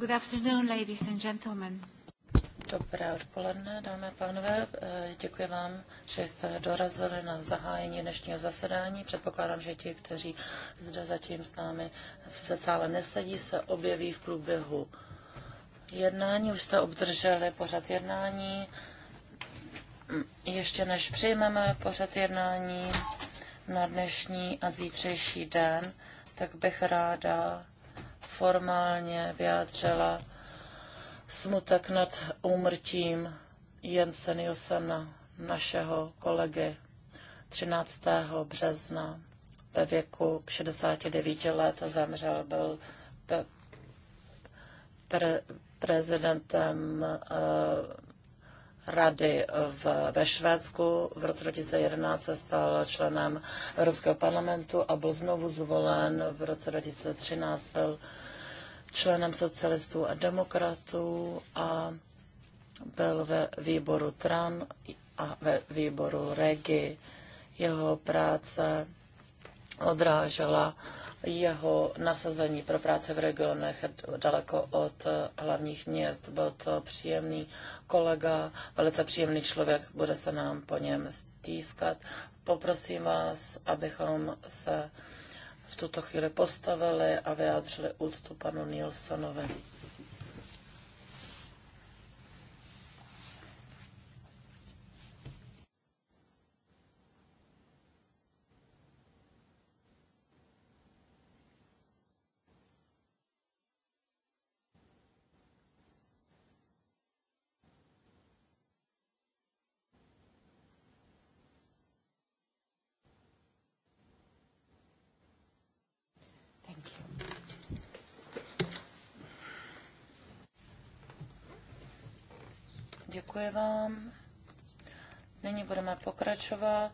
Good afternoon, ladies and gentlemen. Dobré odpoledne, dámy a pánové. Eh, děkuji vám, že jste dorazili na zahájení dnešního zasedání. Předpokládám, že ti, kteří zde zatím s námi v sále nesedí, se objeví v průběhu jednání. Už jste obdrželi pořad jednání. Mm, ještě než přijmeme pořad jednání na dnešní a zítřejší den, tak bych ráda formálně vyjádřila smutek nad úmrtím Jensen Josena, našeho kolegy 13. března ve věku 69 let zemřel, byl pe- pre- prezidentem uh, rady v, ve Švédsku. V roce 2011 se stal členem Evropského parlamentu a byl znovu zvolen. V roce 2013 byl členem socialistů a demokratů a byl ve výboru TRAN a ve výboru REGI. Jeho práce odrážela jeho nasazení pro práce v regionech daleko od hlavních měst. Byl to příjemný kolega, velice příjemný člověk, bude se nám po něm stýskat. Poprosím vás, abychom se v tuto chvíli postavili a vyjádřili úctu panu Nielsonovi. pokračovat.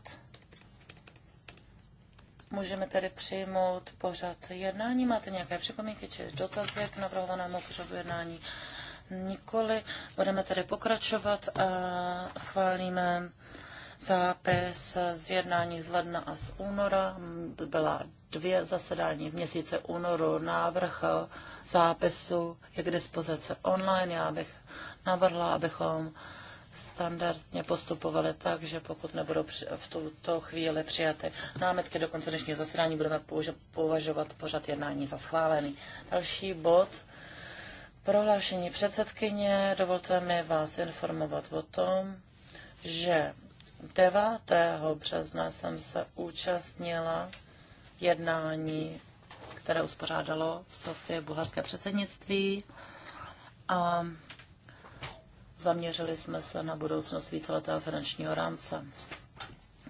Můžeme tedy přijmout pořad jednání. Máte nějaké připomínky či dotazy k navrhovanému pořadu jednání? Nikoli. Budeme tedy pokračovat a schválíme zápis z jednání z ledna a z února. Byla dvě zasedání v měsíce únoru. Návrh zápisu je k dispozici online. Já bych navrhla, abychom standardně postupovali tak, že pokud nebudou v tuto chvíli přijaty námetky do konce dnešního zasedání, budeme považovat pořad jednání za schválený. Další bod. Prohlášení předsedkyně. Dovolte mi vás informovat o tom, že 9. března jsem se účastnila jednání, které uspořádalo v Sofie bulharské předsednictví. A Zaměřili jsme se na budoucnost víceletého finančního rámce.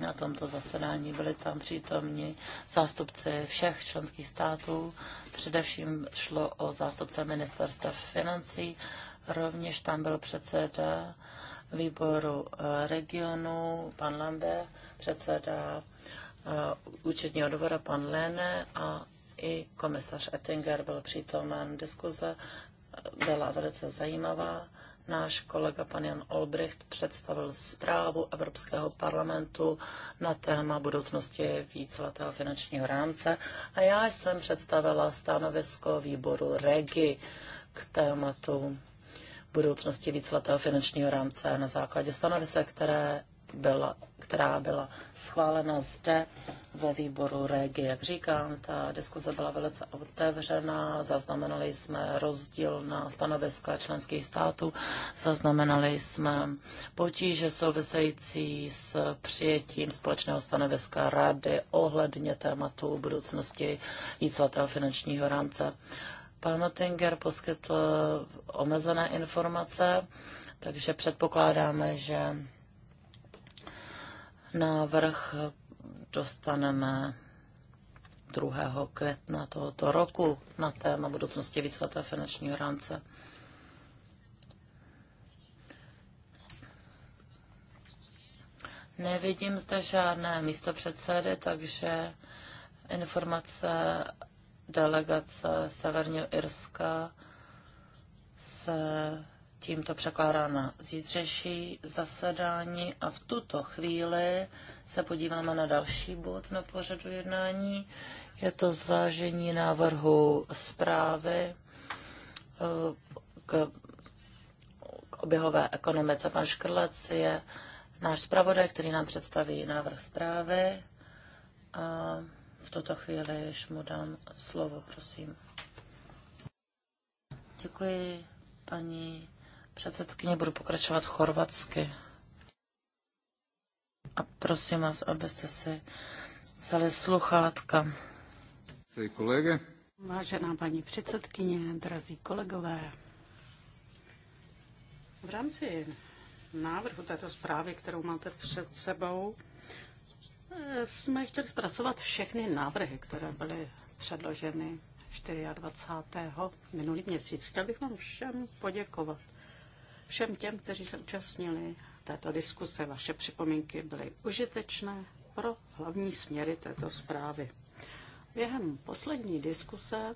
Na tomto zasedání byli tam přítomni zástupci všech členských států. Především šlo o zástupce ministerstva financí. Rovněž tam byl předseda výboru eh, regionu, pan Lambe, předseda eh, účetního dvora, pan Lene a i komisař Ettinger byl přítomen. Diskuze byla velice zajímavá náš kolega pan Jan Olbricht představil zprávu Evropského parlamentu na téma budoucnosti víceletého finančního rámce a já jsem představila stanovisko výboru REGI k tématu budoucnosti víceletého finančního rámce na základě stanovisek, které byla, která byla schválena zde ve výboru REGI. Jak říkám, ta diskuze byla velice otevřená, zaznamenali jsme rozdíl na stanoviska členských států, zaznamenali jsme potíže související s přijetím společného stanoviska Rady ohledně tématu budoucnosti víceletého finančního rámce. Pan Nottinger poskytl omezené informace, takže předpokládáme, že návrh dostaneme 2. května tohoto roku na téma budoucnosti víceletého finančního rámce. Nevidím zde žádné místo předsedy, takže informace delegace Severního Irska se tímto překládá na zítřejší zasedání a v tuto chvíli se podíváme na další bod na pořadu jednání. Je to zvážení návrhu zprávy eh, k, k oběhové ekonomice. Pan Škrlec je náš zpravodaj, který nám představí návrh zprávy. A v tuto chvíli již mu dám slovo, prosím. Děkuji, paní předsedkyně, budu pokračovat chorvatsky. A prosím vás, abyste si vzali sluchátka. Kolege. Vážená paní předsedkyně, drazí kolegové, v rámci návrhu této zprávy, kterou máte před sebou, jsme chtěli zpracovat všechny návrhy, které byly předloženy 24. minulý měsíc. Chtěl bych vám všem poděkovat všem těm, kteří se účastnili této diskuse. Vaše připomínky byly užitečné pro hlavní směry této zprávy. Během poslední diskuse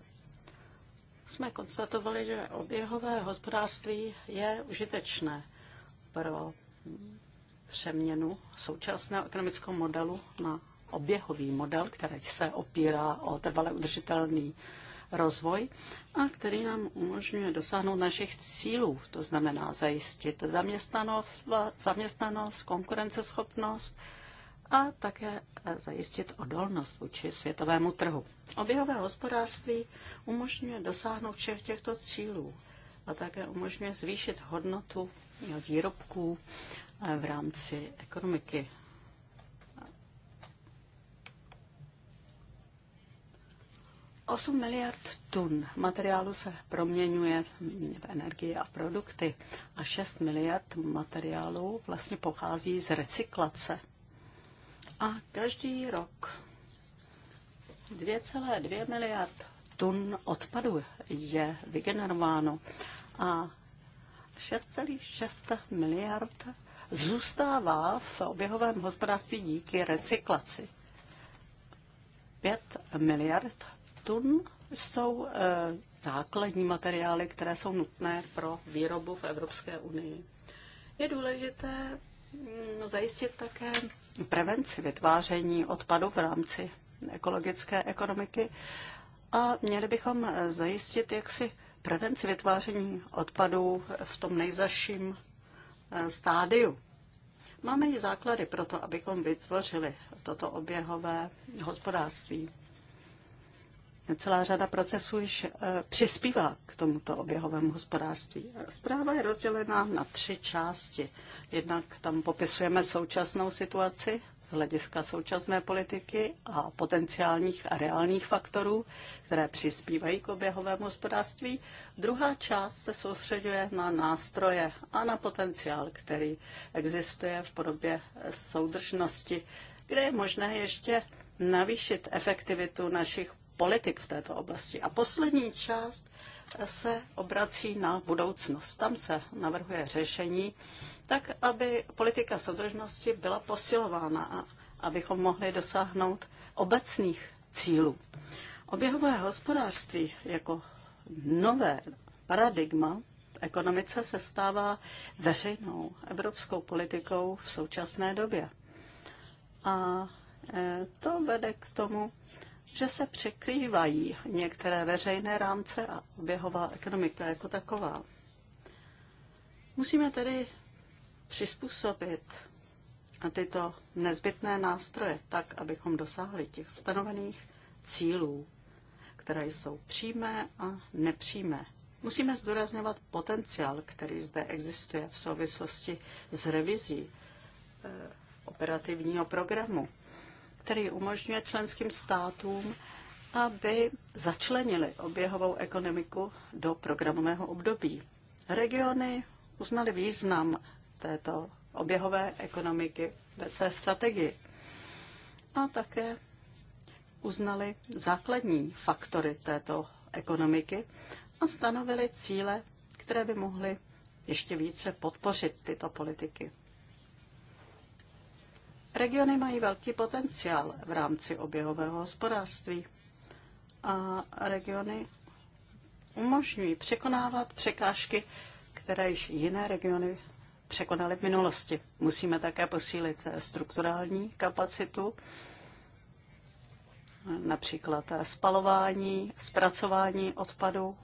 jsme konstatovali, že oběhové hospodářství je užitečné pro přeměnu současného ekonomického modelu na oběhový model, který se opírá o trvale udržitelný rozvoj a který nám umožňuje dosáhnout našich cílů, to znamená zajistit zaměstnanost, zaměstnanost konkurenceschopnost a také eh, zajistit odolnost vůči světovému trhu. Oběhové hospodářství umožňuje dosáhnout všech těchto cílů a také umožňuje zvýšit hodnotu výrobků eh, v rámci ekonomiky 8 miliard tun materiálu se proměňuje v energii a v produkty a 6 miliard materiálu vlastně pochází z recyklace. A každý rok 2,2 miliard tun odpadu je vygenerováno a 6,6 miliard zůstává v oběhovém hospodářství díky recyklaci. 5 miliard tun jsou eh, základní materiály, které jsou nutné pro výrobu v Evropské unii. Je důležité mm, zajistit také prevenci vytváření odpadu v rámci ekologické ekonomiky a měli bychom eh, zajistit jaksi prevenci vytváření odpadů v tom nejzaším eh, stádiu. Máme i základy pro to, abychom vytvořili toto oběhové hospodářství. Celá řada procesů již eh, přispívá k tomuto oběhovému hospodářství. Zpráva je rozdělená na tři části. Jednak tam popisujeme současnou situaci z hlediska současné politiky a potenciálních a reálních faktorů, které přispívají k oběhovému hospodářství. Druhá část se soustředuje na nástroje a na potenciál, který existuje v podobě soudržnosti, kde je možné ještě navýšit efektivitu našich politik v této oblasti. A poslední část se obrací na budoucnost. Tam se navrhuje řešení tak, aby politika soudržnosti byla posilována a abychom mohli dosáhnout obecných cílů. Oběhové hospodářství jako nové paradigma v ekonomice se stává veřejnou evropskou politikou v současné době. A e, to vede k tomu, že se překrývají některé veřejné rámce a oběhová ekonomika jako taková. Musíme tedy přizpůsobit tyto nezbytné nástroje tak, abychom dosáhli těch stanovených cílů, které jsou přímé a nepřímé. Musíme zdůrazňovat potenciál, který zde existuje v souvislosti s revizí eh, operativního programu který umožňuje členským státům, aby začlenili oběhovou ekonomiku do programového období. Regiony uznaly význam této oběhové ekonomiky ve své strategii a také uznali základní faktory této ekonomiky a stanovili cíle, které by mohly ještě více podpořit tyto politiky. Regiony mají velký potenciál v rámci oběhového hospodářství a regiony umožňují překonávat překážky, které již jiné regiony překonaly v minulosti. Musíme také posílit strukturální kapacitu, například spalování, zpracování odpadů,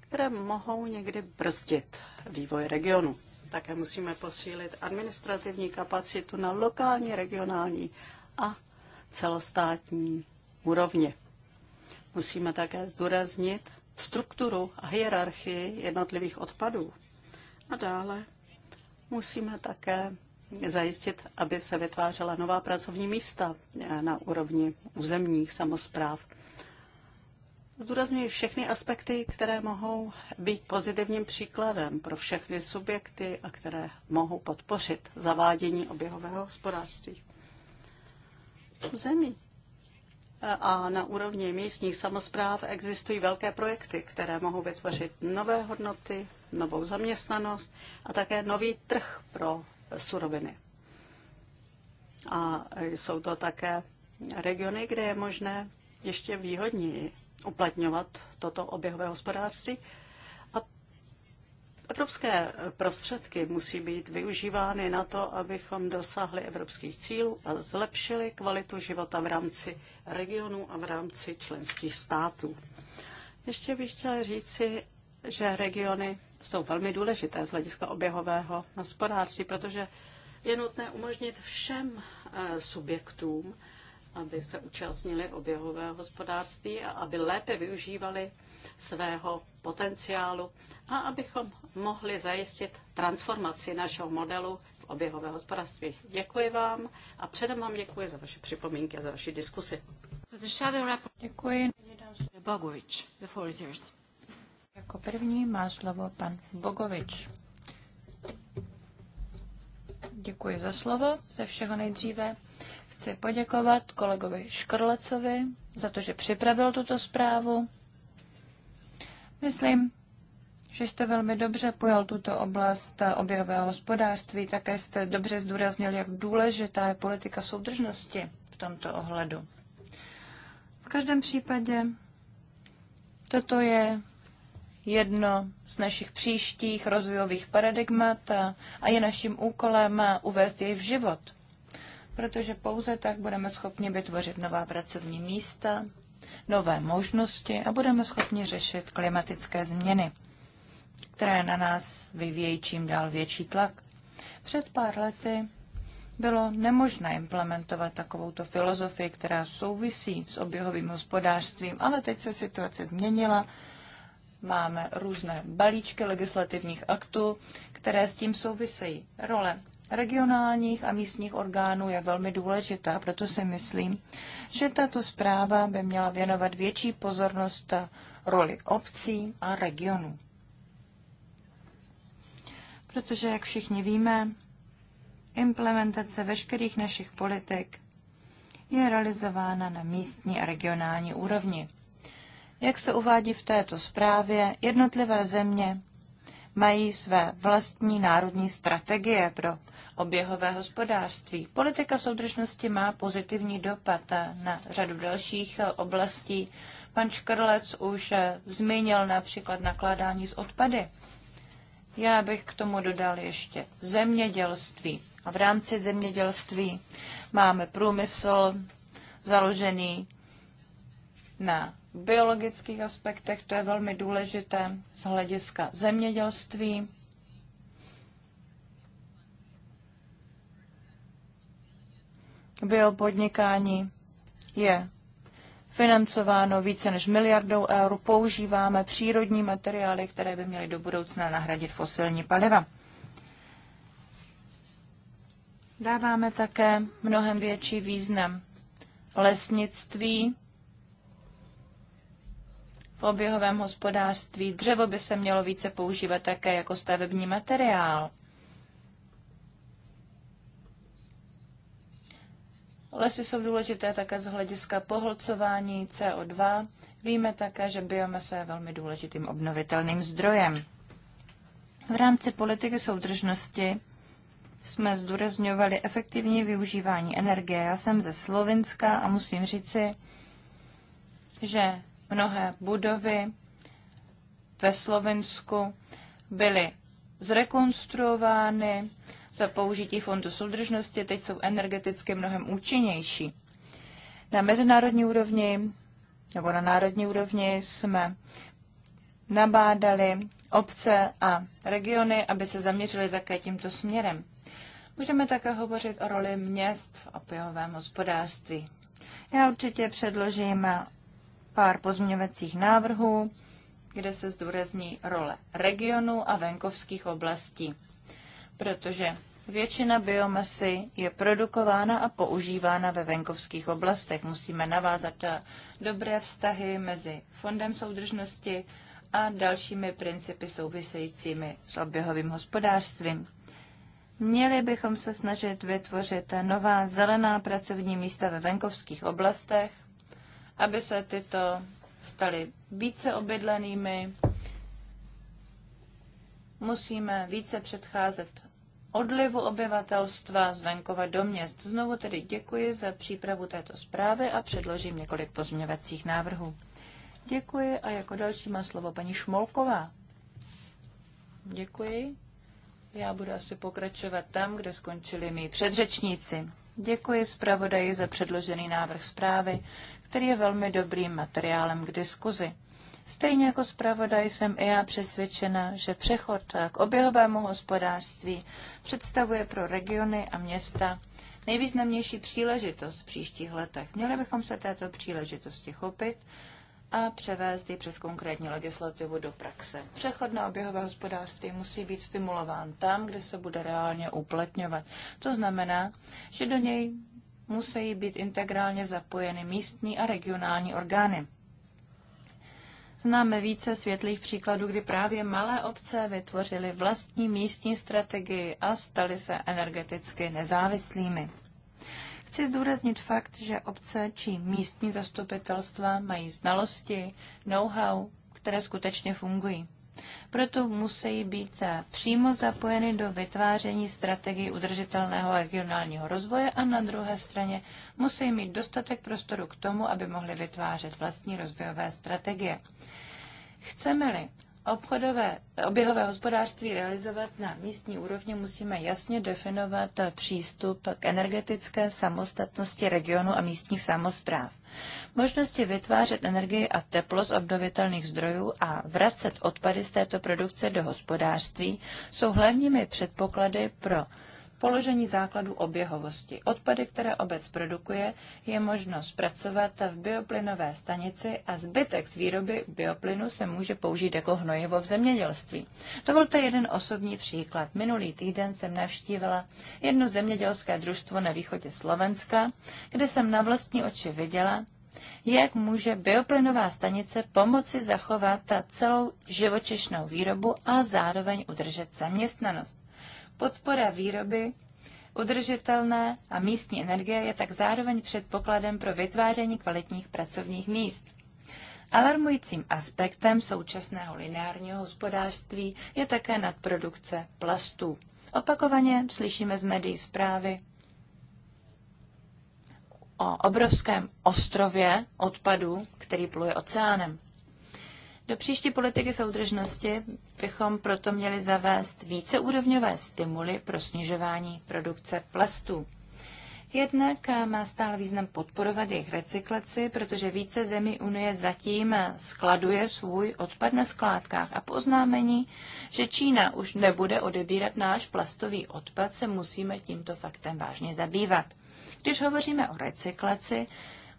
které mohou někdy brzdit vývoj regionu. Také musíme posílit administrativní kapacitu na lokální, regionální a celostátní úrovni. Musíme také zdůraznit strukturu a hierarchii jednotlivých odpadů. A dále musíme také zajistit, aby se vytvářela nová pracovní místa na úrovni územních samozpráv zdůrazňuji všechny aspekty, které mohou být pozitivním příkladem pro všechny subjekty a které mohou podpořit zavádění oběhového hospodářství. V zemi a na úrovni místních samozpráv existují velké projekty, které mohou vytvořit nové hodnoty, novou zaměstnanost a také nový trh pro suroviny. A jsou to také regiony, kde je možné ještě výhodněji uplatňovat toto oběhové hospodářství. A evropské prostředky musí být využívány na to, abychom dosáhli evropských cílů a zlepšili kvalitu života v rámci regionu a v rámci členských států. Ještě bych chtěla říci, že regiony jsou velmi důležité z hlediska oběhového hospodářství, protože je nutné umožnit všem eh, subjektům, aby se účastnili oběhového hospodářství a aby lépe využívali svého potenciálu a abychom mohli zajistit transformaci našeho modelu v oběhové hospodářství. Děkuji vám a předem vám děkuji za vaše připomínky a za vaši diskusi. Děkuji. Bogovič, before is yours. Jako první má slovo pan Bogovič. Děkuji za slovo. Ze všeho nejdříve Chci poděkovat kolegovi Škrlecovi za to, že připravil tuto zprávu. Myslím, že jste velmi dobře pojal tuto oblast oběhového hospodářství, také jste dobře zdůraznil, jak důležitá je politika soudržnosti v tomto ohledu. V každém případě toto je jedno z našich příštích rozvojových paradigmat a je naším úkolem uvést jej v život protože pouze tak budeme schopni vytvořit nová pracovní místa, nové možnosti a budeme schopni řešit klimatické změny, které na nás vyvíjí čím dál větší tlak. Před pár lety bylo nemožné implementovat takovouto filozofii, která souvisí s oběhovým hospodářstvím, ale teď se situace změnila. Máme různé balíčky legislativních aktů, které s tím souvisejí. Role regionálních a místních orgánů je velmi důležitá, proto si myslím, že tato zpráva by měla věnovat větší pozornost roli obcí a regionů. Protože, jak všichni víme, implementace veškerých našich politik je realizována na místní a regionální úrovni. Jak se uvádí v této zprávě, jednotlivé země mají své vlastní národní strategie pro oběhové hospodářství. Politika soudržnosti má pozitivní dopad na řadu dalších oblastí. Pan Škrlec už zmínil například nakládání s odpady. Já bych k tomu dodal ještě zemědělství. A v rámci zemědělství máme průmysl založený na biologických aspektech, to je velmi důležité z hlediska zemědělství. podnikání je financováno více než miliardou eur, používáme přírodní materiály, které by měly do budoucna nahradit fosilní paliva. Dáváme také mnohem větší význam lesnictví, v oběhovém hospodářství. Dřevo by se mělo více používat také jako stavební materiál. Lesy jsou důležité také z hlediska pohlcování CO2. Víme také, že biomasa je velmi důležitým obnovitelným zdrojem. V rámci politiky soudržnosti jsme zdůrazňovali efektivní využívání energie. Já jsem ze Slovenska a musím říci, že mnohé budovy ve Slovensku byly zrekonstruovány, za použití fondu soudržnosti teď jsou energeticky mnohem účinnější. Na mezinárodní úrovni nebo na národní úrovni jsme nabádali obce a regiony, aby se zaměřili také tímto směrem. Můžeme také hovořit o roli měst v opiovém hospodářství. Já určitě předložím pár pozměňovacích návrhů, kde se zdůrazní role regionu a venkovských oblastí protože většina biomasy je produkována a používána ve venkovských oblastech. Musíme navázat eh, dobré vztahy mezi Fondem soudržnosti a dalšími principy souvisejícími s oběhovým hospodářstvím. Měli bychom se snažit vytvořit nová zelená pracovní místa ve venkovských oblastech, aby se tyto staly více obydlenými, musíme více předcházet odlivu obyvatelstva z venkova do měst. Znovu tedy děkuji za přípravu této zprávy a předložím několik pozměňovacích návrhů. Děkuji a jako další má slovo paní Šmolková. Děkuji. Já budu asi pokračovat tam, kde skončili mý předřečníci. Děkuji zpravodaji za předložený návrh zprávy, který je velmi dobrým materiálem k diskuzi. Stejně jako zpravodaj jsem i já přesvědčena, že přechod k oběhovému hospodářství představuje pro regiony a města nejvýznamnější příležitost v příštích letech. Měli bychom se této příležitosti chopit a převést ji přes konkrétní legislativu do praxe. Přechod na oběhové hospodářství musí být stimulován tam, kde se bude reálně uplatňovat. To znamená, že do něj musí být integrálně zapojeny místní a regionální orgány. Známe více světlých příkladů, kdy právě malé obce vytvořily vlastní místní strategii a staly se energeticky nezávislými. Chci zdůraznit fakt, že obce či místní zastupitelstva mají znalosti, know-how, které skutečně fungují. Proto musí být přímo zapojeny do vytváření strategii udržitelného regionálního rozvoje a na druhé straně musí mít dostatek prostoru k tomu, aby mohly vytvářet vlastní rozvojové strategie. Chceme-li obchodové, oběhové hospodářství realizovat na místní úrovni, musíme jasně definovat přístup k energetické samostatnosti regionu a místních samozpráv. Možnosti vytvářet energii a teplo z obnovitelných zdrojů a vracet odpady z této produkce do hospodářství jsou hlavními předpoklady pro položení základu oběhovosti. Odpady, které obec produkuje, je možno zpracovat v bioplynové stanici a zbytek z výroby bioplynu se může použít jako hnojivo v zemědělství. Dovolte jeden osobní příklad. Minulý týden jsem navštívila jedno zemědělské družstvo na východě Slovenska, kde jsem na vlastní oči viděla, jak může bioplynová stanice pomoci zachovat celou živočišnou výrobu a zároveň udržet zaměstnanost. Podpora výroby udržitelné a místní energie je tak zároveň předpokladem pro vytváření kvalitních pracovních míst. Alarmujícím aspektem současného lineárního hospodářství je také nadprodukce plastů. Opakovaně slyšíme z médií zprávy o obrovském ostrově odpadů, který pluje oceánem. Do příští politiky soudržnosti bychom proto měli zavést víceúrovňové stimuly pro snižování produkce plastů. Jednak má stále význam podporovat jejich recyklaci, protože více zemí Unie zatím skladuje svůj odpad na skládkách a poznámení, že Čína už nebude odebírat náš plastový odpad, se musíme tímto faktem vážně zabývat. Když hovoříme o recyklaci,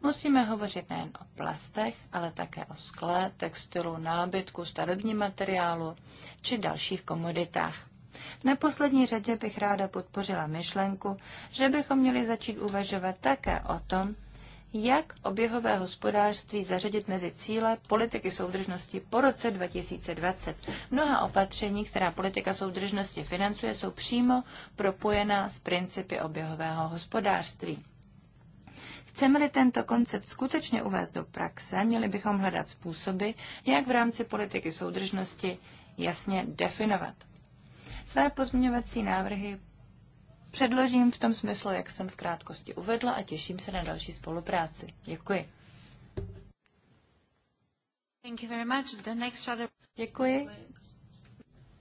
Musíme hovořit nejen o plastech, ale také o skle, textilu, nábytku, stavebním materiálu či dalších komoditách. V neposlední řadě bych ráda podpořila myšlenku, že bychom měli začít uvažovat také o tom, jak oběhové hospodářství zařadit mezi cíle politiky soudržnosti po roce 2020. Mnoha opatření, která politika soudržnosti financuje, jsou přímo propojená s principy oběhového hospodářství. Chceme-li tento koncept skutečně uvést do praxe, měli bychom hledat způsoby, jak v rámci politiky soudržnosti jasně definovat. Své pozměňovací návrhy předložím v tom smyslu, jak jsem v krátkosti uvedla a těším se na další spolupráci. Děkuji. Thank you very much. The next shadow... Děkuji.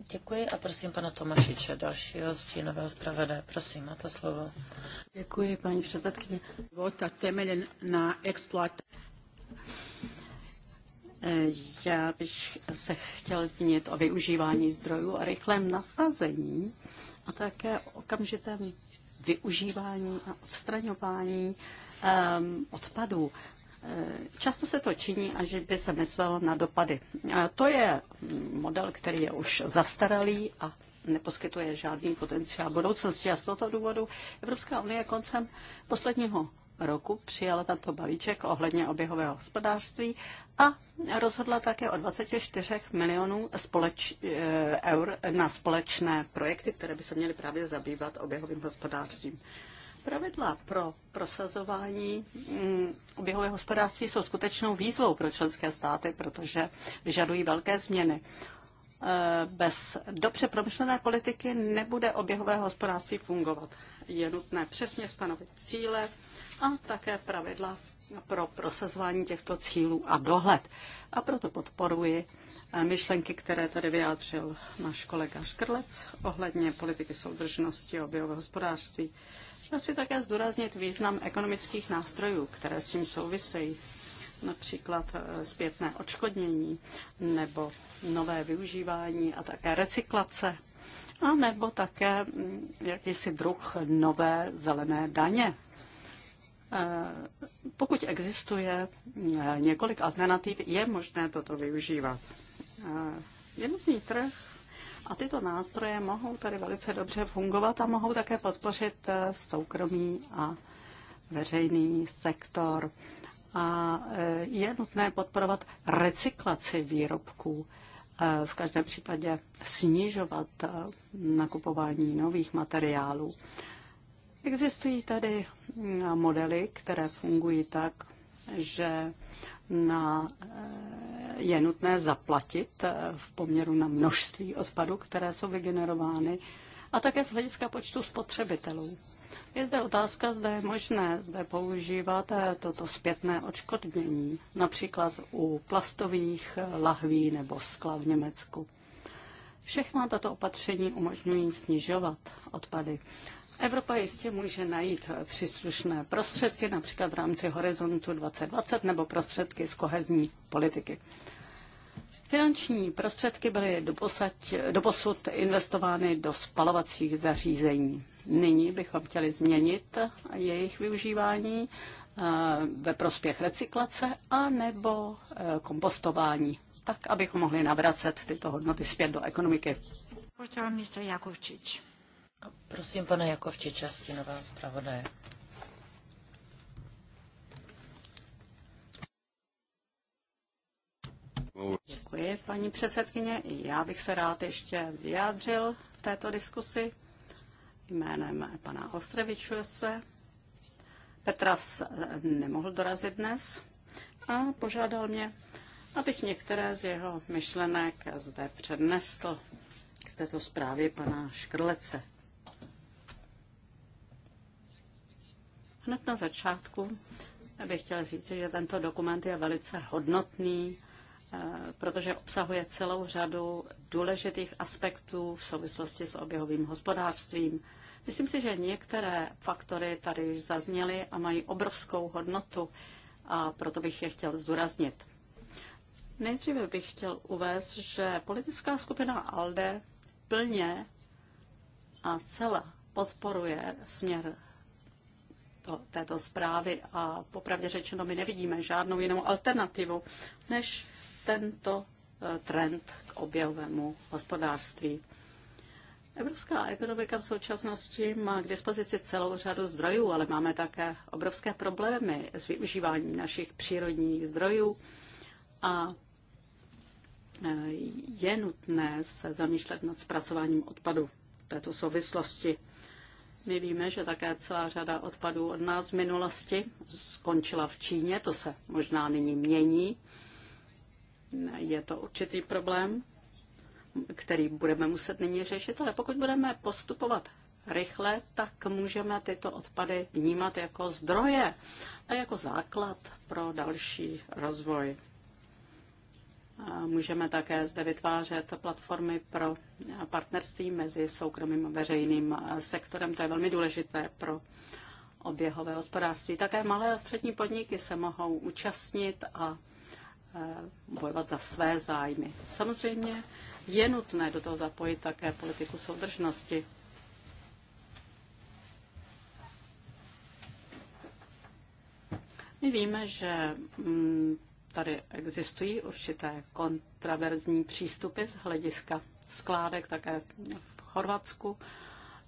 Děkuji a prosím pana Tomašiče, dalšího stínového zpravodaje. Prosím, máte slovo. Děkuji, paní předsedkyně. Vota temelen na exploat. Eh, já bych se chtěl zmínit o využívání zdrojů a rychlém nasazení a také okamžitém využívání a odstraňování um, odpadů. Často se to činí, až by se myslelo na dopady. To je model, který je už zastaralý a neposkytuje žádný potenciál budoucnosti. A z tohoto důvodu Evropská unie koncem posledního roku přijala tento balíček ohledně oběhového hospodářství a rozhodla také o 24 milionů společ, eh, eur na společné projekty, které by se měly právě zabývat oběhovým hospodářstvím. Pravidla pro prosazování mm, oběhového hospodářství jsou skutečnou výzvou pro členské státy, protože vyžadují velké změny. Eh, bez dobře promyšlené politiky nebude oběhové hospodářství fungovat. Je nutné přesně stanovit cíle a také pravidla pro prosazování těchto cílů a dohled. A proto podporuji eh, myšlenky, které tady vyjádřil náš kolega Škrlec ohledně politiky soudržnosti a oběhového hospodářství. Chtěl si také zdůraznit význam ekonomických nástrojů, které s tím souvisejí, například eh, zpětné odškodnění nebo nové využívání a také recyklace, a nebo také mm, jakýsi druh nové zelené daně. Eh, pokud existuje eh, několik alternativ, je možné toto využívat. Jednotný trh a tyto nástroje mohou tady velice dobře fungovat a mohou také podpořit eh, soukromý a veřejný sektor. A eh, je nutné podporovat recyklaci výrobků, eh, v každém případě snižovat nakupování nových materiálů. Existují tady modely, které fungují tak, že na je nutné zaplatit eh, v poměru na množství odpadu, které jsou vygenerovány, a také z hlediska počtu spotřebitelů. Je zde otázka, zda je možné zde používat eh, toto zpětné odškodnění, například u plastových eh, lahví nebo skla v Německu. Všechna tato opatření umožňují snižovat odpady. Evropa jistě může najít příslušné prostředky, například v rámci Horizontu 2020 nebo prostředky z kohezní politiky. Finanční prostředky byly doposud, doposud investovány do spalovacích zařízení. Nyní bychom chtěli změnit jejich využívání ve prospěch recyklace a nebo eh, kompostování, tak abychom mohli navracet tyto hodnoty zpět do ekonomiky. Prosím, pane Jakovčič, Častinová zpravodaje. Děkuji, paní předsedkyně. Já bych se rád ještě vyjádřil v této diskusi jménem pana Ostrevičuse Petras eh, nemohl dorazit dnes a požádal mě, abych některé z jeho myšlenek zde přednesl k této zprávě pana Škrlece. Hned na začátku bych chtěl říct, že tento dokument je velice hodnotný, eh, protože obsahuje celou řadu důležitých aspektů v souvislosti s oběhovým hospodářstvím, Myslím si, že některé faktory tady již zazněly a mají obrovskou hodnotu a proto bych je chtěl zdůraznit. Nejdříve bych chtěl uvést, že politická skupina ALDE plně a zcela podporuje směr to, této zprávy a popravdě řečeno my nevidíme žádnou jinou alternativu než tento eh, trend k objevovému hospodářství. Evropská ekonomika v současnosti má k dispozici celou řadu zdrojů, ale máme také obrovské problémy s využíváním našich přírodních zdrojů a eh, je nutné se zamýšlet nad zpracováním odpadu v této souvislosti. My víme, že také celá řada odpadů od nás v minulosti skončila v Číně, to se možná nyní mění. Je to určitý problém který budeme muset nyní řešit, ale pokud budeme postupovat rychle, tak můžeme tyto odpady vnímat jako zdroje a jako základ pro další rozvoj. A můžeme také zde vytvářet platformy pro partnerství mezi soukromým a veřejným sektorem. To je velmi důležité pro oběhové hospodářství. Také malé a střední podniky se mohou účastnit a eh, bojovat za své zájmy. Samozřejmě je nutné do toho zapojit také politiku soudržnosti. My víme, že mm, tady existují určité kontraverzní přístupy z hlediska skládek také v Chorvatsku.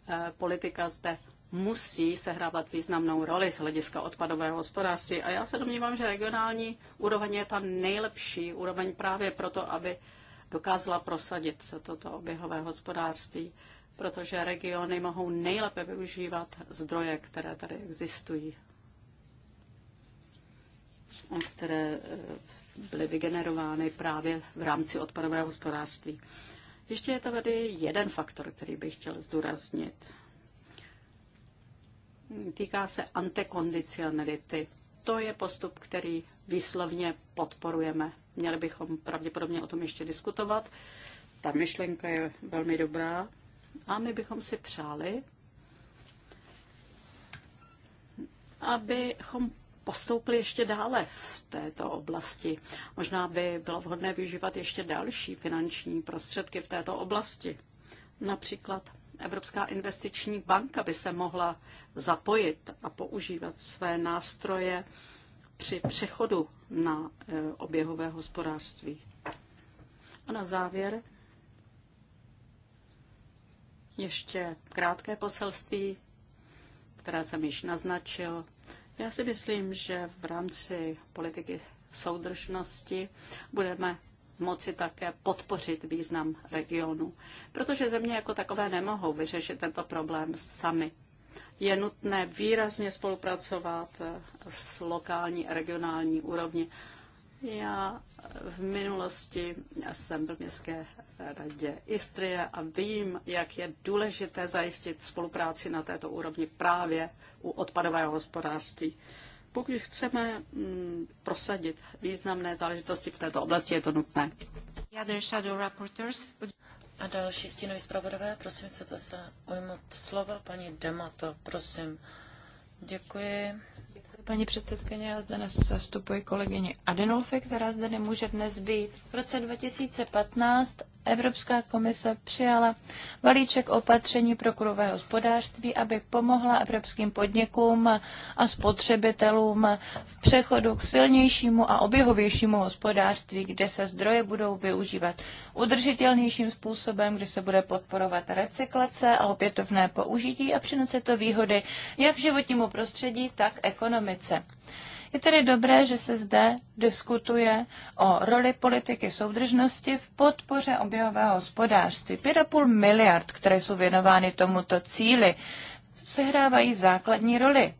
Eh, politika zde musí sehrávat významnou roli z hlediska odpadového hospodářství. A já se domnívám, že regionální úroveň je ta nejlepší úroveň právě proto, aby dokázala prosadit se toto oběhové hospodářství, protože regiony mohou nejlépe využívat zdroje, které tady existují, které eh, byly vygenerovány právě v rámci odpadového hospodářství. Ještě je to tady jeden faktor, který bych chtěl zdůraznit. Týká se antekondicionality. To je postup, který výslovně podporujeme Měli bychom pravděpodobně o tom ještě diskutovat. Ta myšlenka je velmi dobrá a my bychom si přáli, abychom postoupili ještě dále v této oblasti. Možná by bylo vhodné využívat ještě další finanční prostředky v této oblasti. Například Evropská investiční banka by se mohla zapojit a používat své nástroje při přechodu na eh, oběhové hospodářství. A na závěr ještě krátké poselství, které jsem již naznačil. Já si myslím, že v rámci politiky soudržnosti budeme moci také podpořit význam regionu, protože země jako takové nemohou vyřešit tento problém sami je nutné výrazně spolupracovat s lokální a regionální úrovni. Já v minulosti jsem byl v městské radě Istrie a vím, jak je důležité zajistit spolupráci na této úrovni právě u odpadového hospodářství. Pokud chceme mm, prosadit významné záležitosti v této oblasti, je to nutné. A další stínoví zpravodové, prosím, chcete se ujmout slova? Paní Demato, prosím. Děkuji. Děkuji, paní předsedkyně. Já zde dnes zastupuji kolegyni Adenolfi, která zde nemůže dnes být. V roce 2015 Evropská komise přijala balíček opatření pro kruhové hospodářství, aby pomohla evropským podnikům a spotřebitelům v přechodu k silnějšímu a oběhovějšímu hospodářství, kde se zdroje budou využívat udržitelnějším způsobem, kdy se bude podporovat recyklace a opětovné použití a přinese to výhody jak životnímu prostředí, tak ekonomice. Je tedy dobré, že se zde diskutuje o roli politiky soudržnosti v podpoře oběhového hospodářství. 5,5 miliard, které jsou věnovány tomuto cíli, sehrávají základní roli.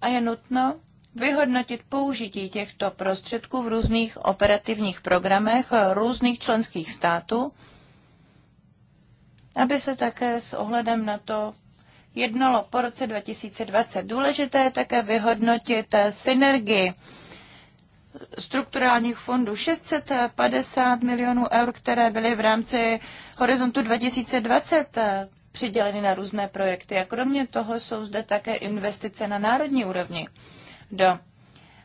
A je nutno vyhodnotit použití těchto prostředků v různých operativních programech různých členských států, aby se také s ohledem na to jednalo po roce 2020. Důležité je také vyhodnotit synergii strukturálních fondů 650 milionů eur, které byly v rámci Horizontu 2020 přiděleny na různé projekty. A kromě toho jsou zde také investice na národní úrovni do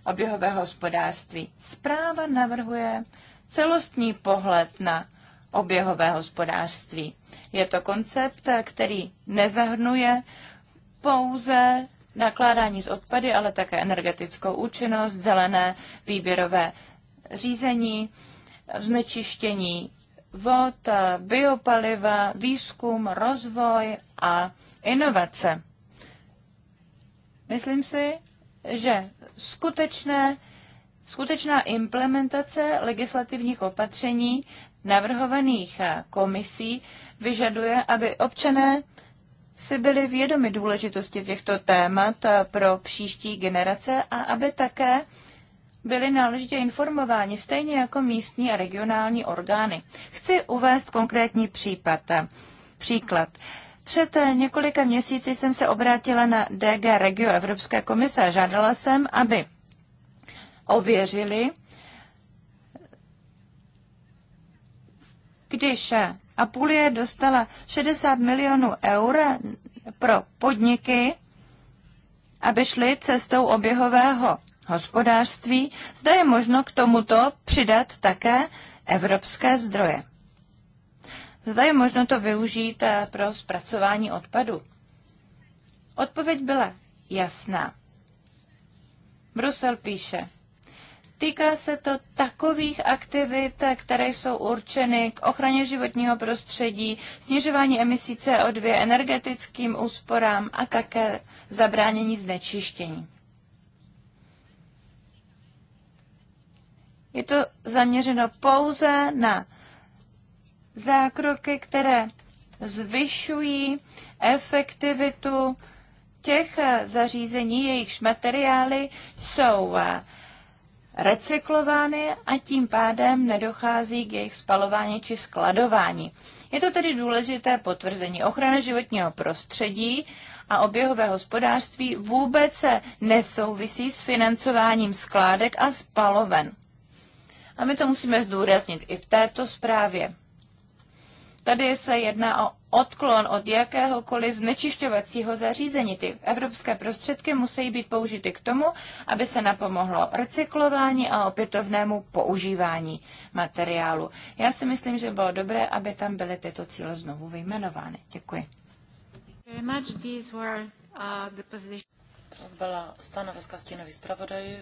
oběhového hospodářství. Zpráva navrhuje celostní pohled na oběhové hospodářství. Je to koncept, který nezahrnuje pouze nakládání z odpady, ale také energetickou účinnost, zelené výběrové řízení, znečištění vod, biopaliva, výzkum, rozvoj a inovace. Myslím si, že skutečné, skutečná implementace legislativních opatření navrhovaných komisí vyžaduje, aby občané si byli vědomi důležitosti těchto témat pro příští generace a aby také byli náležitě informováni, stejně jako místní a regionální orgány. Chci uvést konkrétní případ. Příklad. Před eh, několika měsíci jsem se obrátila na DG Regio Evropské komise a žádala jsem, aby ověřili, když eh, Apulie dostala 60 milionů eur pro podniky, aby šly cestou oběhového hospodářství, zda je možno k tomuto přidat také evropské zdroje. Zda je možno to využít eh, pro zpracování odpadu? Odpověď byla jasná. Brusel píše, Týká se to takových aktivit, eh, které jsou určeny k ochraně životního prostředí, snižování emisí CO2, energetickým úsporám a také zabránění znečištění. Je to zaměřeno pouze na zákroky, které zvyšují efektivitu těch eh, zařízení, jejichž materiály jsou eh, recyklovány a tím pádem nedochází k jejich spalování či skladování. Je to tedy důležité potvrzení. Ochrana životního prostředí a oběhové hospodářství vůbec se nesouvisí s financováním skládek a spaloven. A my to musíme zdůraznit i v této zprávě. Tady se jedná o odklon od jakéhokoliv znečišťovacího zařízení. Ty evropské prostředky musí být použity k tomu, aby se napomohlo recyklování a opětovnému používání materiálu. Já si myslím, že bylo dobré, aby tam byly tyto cíle znovu vyjmenovány. Děkuji. Uh, to byla stanoviska stínových zpravodajů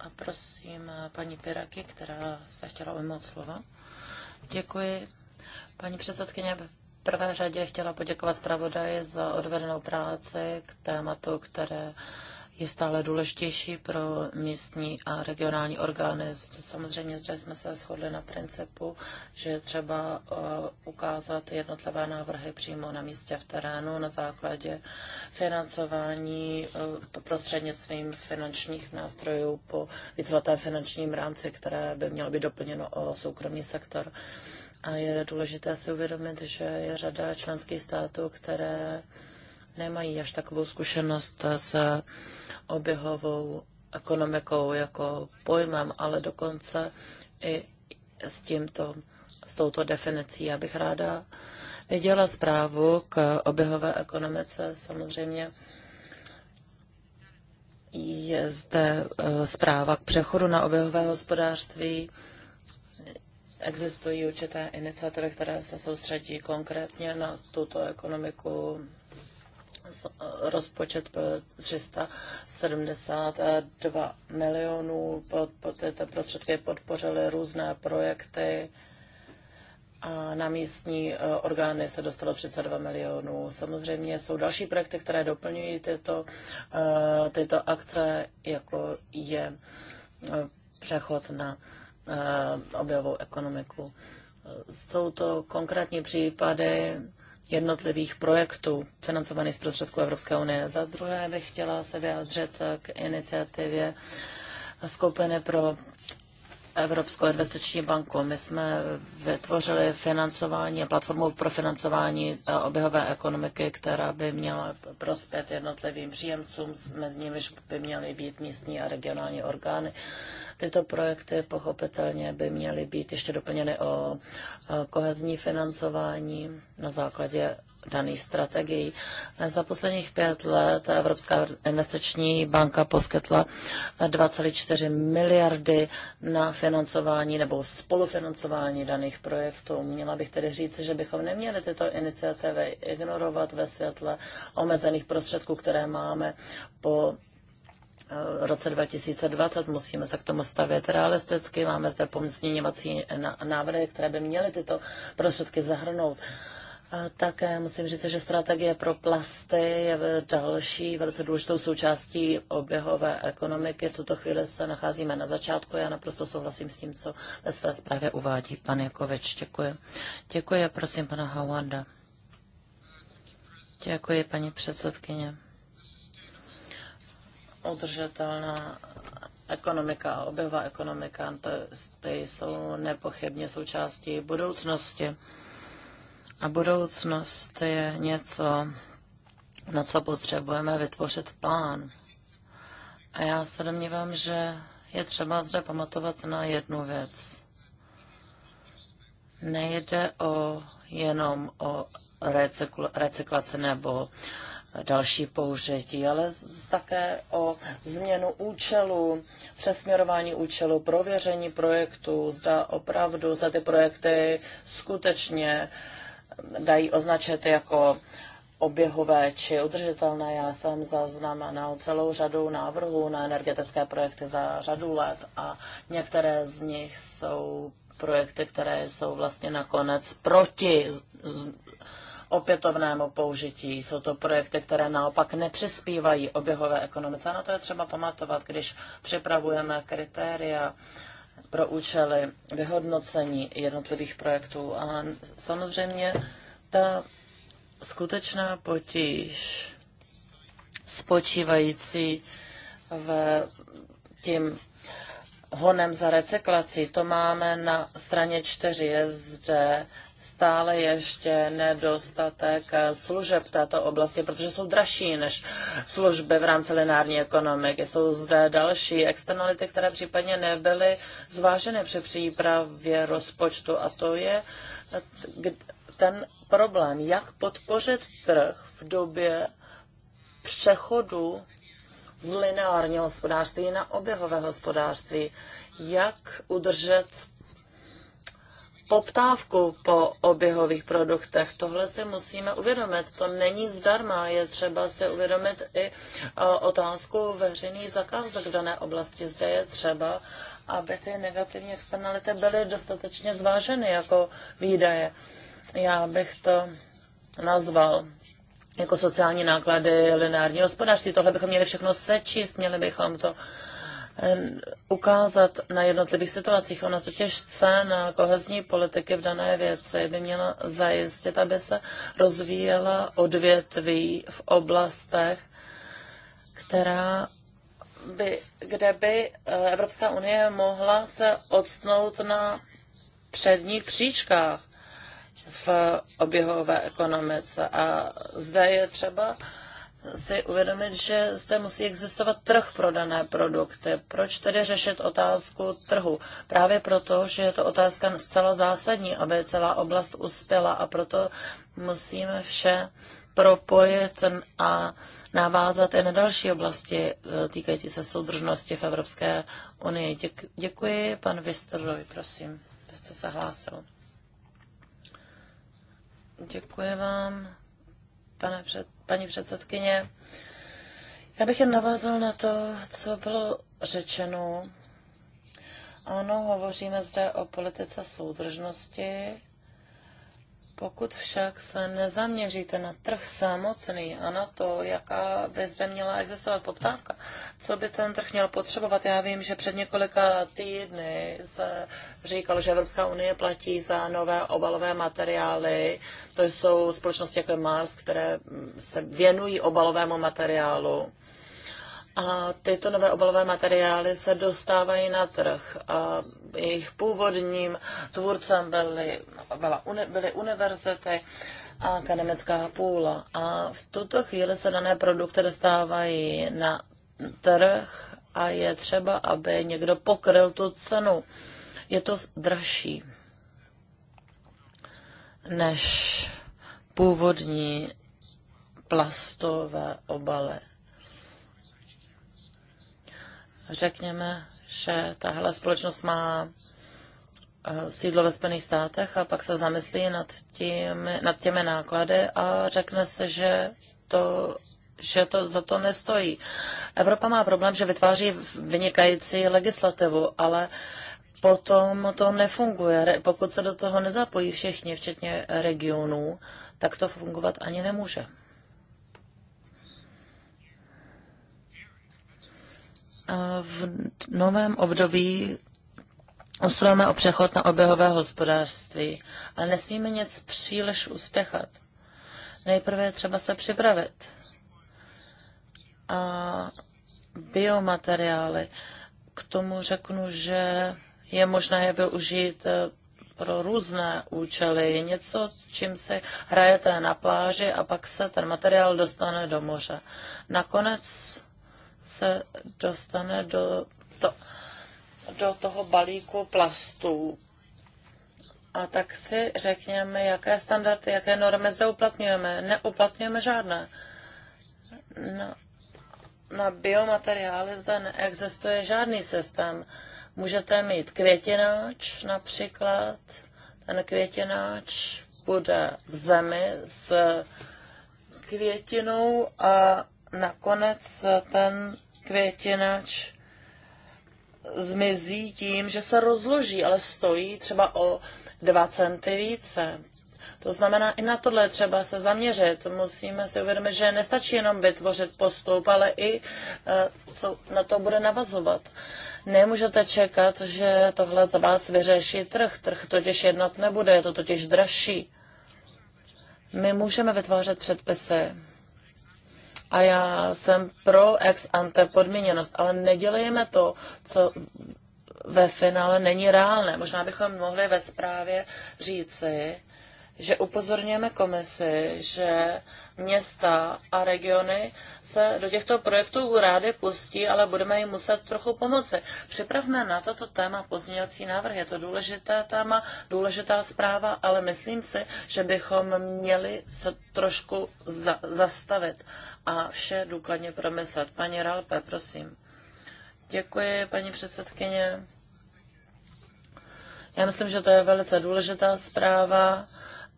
a prosím uh, paní Piraky, která se chtěla ujmout slova. Děkuji. Paní předsedkyně, v prvé řadě chtěla poděkovat zpravodaji za odvedenou práci k tématu, které je stále důležitější pro místní a regionální orgány. Samozřejmě zde jsme se shodli na principu, že je třeba eh, ukázat jednotlivé návrhy přímo na místě v terénu na základě financování eh, prostřednictvím finančních nástrojů po víceletém finančním rámci, které by mělo být doplněno o soukromý sektor. A je důležité si uvědomit, že je řada členských států, které nemají až takovou zkušenost s oběhovou ekonomikou jako pojmem, ale dokonce i s tímto, s touto definicí. Já bych ráda viděla zprávu k oběhové ekonomice. Samozřejmě je zde eh, zpráva k přechodu na oběhové hospodářství existují určité iniciativy, které se soustředí konkrétně na tuto ekonomiku. Rozpočet byl 372 milionů. Pod, pod tyto prostředky podpořily různé projekty a na místní eh, orgány se dostalo 32 milionů. Samozřejmě jsou další projekty, které doplňují tyto, eh, tyto akce, jako je eh, přechod na Eh, objevovou ekonomiku. Jsou to konkrétní případy jednotlivých projektů financovaných z prostředků Evropské unie. Za druhé bych chtěla se vyjádřit k iniciativě skupiny pro Evropskou investiční banku. My jsme vytvořili financování a platformu pro financování eh, oběhové ekonomiky, která by měla prospět jednotlivým příjemcům, mezi nimi by měly být místní a regionální orgány. Tyto projekty pochopitelně by měly být ještě doplněny o eh, kohezní financování na základě daných strategií. Za posledních pět let Evropská investiční banka poskytla 2,4 miliardy na financování nebo spolufinancování daných projektů. Měla bych tedy říct, že bychom neměli tyto iniciativy ignorovat ve světle omezených prostředků, které máme po eh, roce 2020 musíme se k tomu stavět realisticky. Máme zde pozměňovací návrhy, které by měly tyto prostředky zahrnout. Také musím říct, že strategie pro plasty je další velice důležitou součástí oběhové ekonomiky. V tuto chvíli se nacházíme na začátku. Já naprosto souhlasím s tím, co ve své zprávě uvádí pan Jakovič. Děkuji. Děkuji a prosím pana Howarda. Děkuji, paní předsedkyně. Udržitelná ekonomika, oběhová ekonomika, ty jsou nepochybně součástí budoucnosti a budoucnost je něco, na co potřebujeme vytvořit plán. A já se domnívám, že je třeba zde pamatovat na jednu věc. Nejde o jenom o recykl, recyklaci nebo další použití, ale také o změnu účelu, přesměrování účelu, prověření projektu, zda opravdu se ty projekty skutečně uh, dají označit jako oběhové či udržitelné. Já jsem zaznamenal celou řadu návrhů na energetické projekty za řadu let a některé z nich jsou projekty, které jsou vlastně nakonec proti opětovnému použití. Jsou to projekty, které naopak nepřispívají oběhové ekonomice. A na to je třeba pamatovat, když připravujeme kritéria pro účely vyhodnocení jednotlivých projektů. A samozřejmě ta skutečná potíž spočívající v tím honem za recyklací, to máme na straně 4, je zde stále ještě nedostatek eh, služeb v této oblasti, protože jsou dražší než služby v rámci lineární ekonomiky. Jsou zde další externality, které případně nebyly zváženy při přípravě rozpočtu a to je eh, ten problém, jak podpořit trh v době přechodu z lineárního hospodářství na oběhové hospodářství, jak udržet poptávku po oběhových produktech. Tohle si musíme uvědomit. To není zdarma. Je třeba si uvědomit i e, otázku veřejných zakázek v dané oblasti. Zde je třeba, aby ty negativní externality byly dostatečně zváženy jako výdaje. Já bych to nazval jako sociální náklady lineární hospodářství. Tohle bychom měli všechno sečíst, měli bychom to ukázat na jednotlivých situacích. Ona totiž na kohezní politiky v dané věci by měla zajistit, aby se rozvíjela odvětví v oblastech, která by, kde by eh, Evropská unie mohla se odstnout na předních příčkách v oběhové ekonomice. A zde je třeba uh, si uvědomit, že zde musí existovat trh pro dané produkty. Proč tedy řešit otázku trhu? Právě proto, že je to otázka zcela zásadní, aby celá oblast uspěla a proto musíme vše propojit a navázat i na další oblasti eh, týkající se soudržnosti v Evropské unii. Děk, děkuji, pan Vistordovi, prosím, byste se hlásil. Děkuji vám, pane před paní předsedkyně. Já bych jen navázal na to, co bylo řečeno. Ano, hovoříme zde o politice soudržnosti pokud však se nezaměříte na trh samotný a na to, jaká by zde měla existovat poptávka, co by ten trh měl potřebovat, já vím, že před několika týdny se říkalo, že Evropská unie platí za nové obalové materiály. To jsou společnosti jako Mars, které se věnují obalovému materiálu a tyto nové obalové materiály se dostávají na trh. A jejich původním tvůrcem byly, byla, byly univerzity a akademická půla. A v tuto chvíli se dané produkty dostávají na trh a je třeba, aby někdo pokryl tu cenu. Je to dražší než původní plastové obaly řekněme, že tahle společnost má eh, sídlo ve Spojených státech a pak se zamyslí nad, tím, nad těmi náklady a řekne se, že to že to za to nestojí. Evropa má problém, že vytváří vynikající legislativu, ale potom to nefunguje. Pokud se do toho nezapojí všichni, včetně regionů, tak to fungovat ani nemůže. Eh, v novém období usilujeme o přechod na oběhové hospodářství, ale nesmíme nic příliš uspěchat. Nejprve je třeba se připravit. A biomateriály. K tomu řeknu, že je možné je využít eh, pro různé účely. Něco, s čím si hrajete na pláži a pak se ten materiál dostane do moře. Nakonec se dostane do, to, do toho balíku plastů. A tak si řekněme, jaké standardy, jaké normy zde uplatňujeme. Neuplatňujeme žádné. Na, na biomateriály zde neexistuje žádný systém. Můžete mít květináč například. Ten květináč bude v zemi s květinou a nakonec ten květinač zmizí tím, že se rozloží, ale stojí třeba o 2 centy více. To znamená, i na tohle třeba se zaměřit. Musíme si uvědomit, že nestačí jenom vytvořit postup, ale i eh, co na to bude navazovat. Nemůžete čekat, že tohle za vás vyřeší trh. Trh totiž jednat nebude, je to totiž dražší. My můžeme vytvářet předpisy, a já jsem pro ex ante podmíněnost, ale nedělejme to, co ve finále není reálné. Možná bychom mohli ve zprávě říci, že upozorňujeme komisi, že města a regiony se do těchto projektů rády pustí, ale budeme jim muset trochu pomoci. Připravme na toto téma pozměňovací návrh. Je to důležité téma, důležitá zpráva, ale myslím si, že bychom měli se trošku za- zastavit a vše důkladně promyslet. Paní Ralpe, prosím. Děkuji, paní předsedkyně. Já myslím, že to je velice důležitá zpráva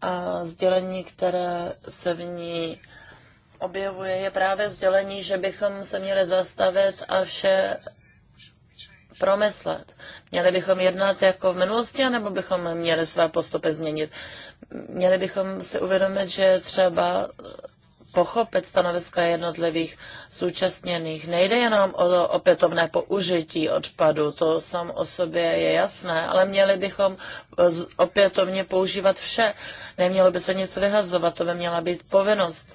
a sdělení, které se v ní objevuje, je právě sdělení, že bychom se měli zastavit a vše promyslet. Měli bychom jednat jako v minulosti, anebo bychom měli své postupy změnit. Měli bychom si uvědomit, že třeba pochopit stanoviska jednotlivých zúčastněných. Nejde jenom o to opětovné použití odpadu, to sam o sobě je jasné, ale měli bychom eh, opětovně používat vše. Nemělo by se nic vyhazovat, to by měla být povinnost.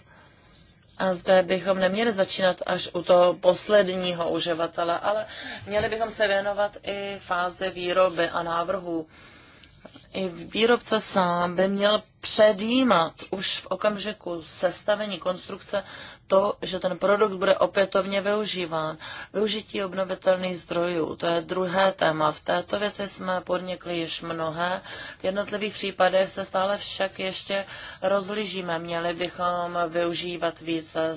A zde bychom neměli začínat až u toho posledního uživatele, ale měli bychom se věnovat i fáze výroby a návrhů i výrobce sám by měl předjímat už v okamžiku sestavení konstrukce to, že ten produkt bude opětovně využíván. Využití obnovitelných zdrojů, to je druhé téma. V této věci jsme podnikli již mnohé. V jednotlivých případech se stále však ještě rozližíme. Měli bychom využívat více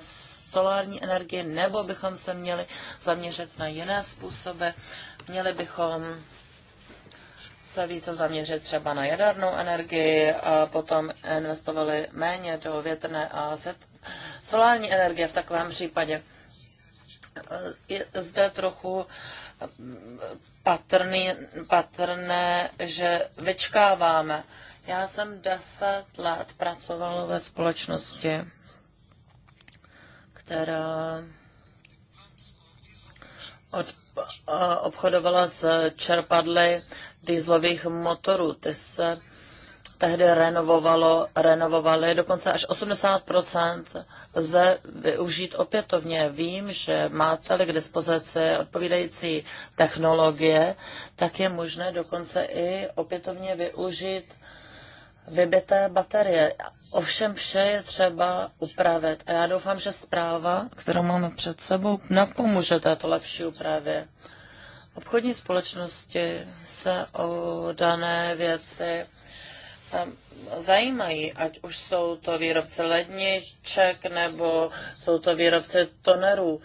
solární energie, nebo bychom se měli zaměřit na jiné způsoby. Měli bychom se více zaměřit třeba na jadernou energii, a potom investovali méně do větrné a solární energie v takovém případě. Je zde trochu patrný, patrné, že vyčkáváme. Já jsem deset let pracovala ve společnosti, která od Eh, obchodovala s čerpadly dýzlových motorů. Ty se tehdy renovovalo, renovovaly dokonce až 80% lze využít opětovně. Vím, že máte k dispozici odpovídající technologie, tak je možné dokonce i opětovně využít vybité baterie. Ovšem vše je třeba upravit a já doufám, že zpráva, kterou máme před sebou, napomůže této lepší úpravě. Obchodní společnosti se o dané věci ehm, zajímají, ať už jsou to výrobce ledniček nebo jsou to výrobce tonerů.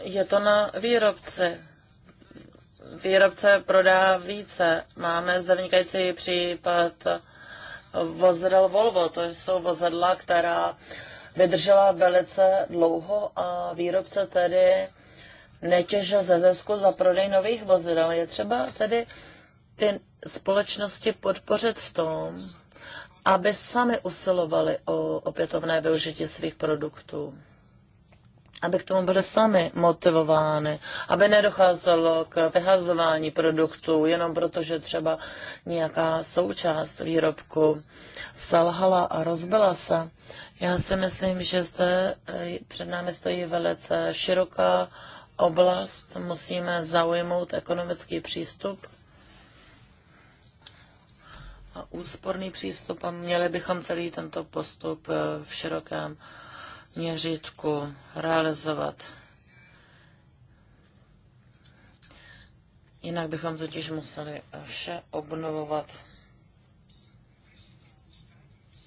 Je to na výrobce výrobce prodá více. Máme zde vynikající případ vozidel Volvo. To jsou vozidla, která vydržela velice dlouho a výrobce tedy netěžil ze zisku za prodej nových vozidel. Je třeba tedy ty společnosti podpořit v tom, aby sami usilovali o opětovné využití svých produktů aby k tomu byly sami motivovány, aby nedocházelo k vyhazování produktů jenom proto, že třeba nějaká součást výrobku selhala a rozbila se. Já si myslím, že zde eh, před námi stojí velice široká oblast, musíme zaujmout ekonomický přístup a úsporný přístup a měli bychom celý tento postup eh, v širokém měřítku realizovat. Jinak bychom totiž museli vše obnovovat.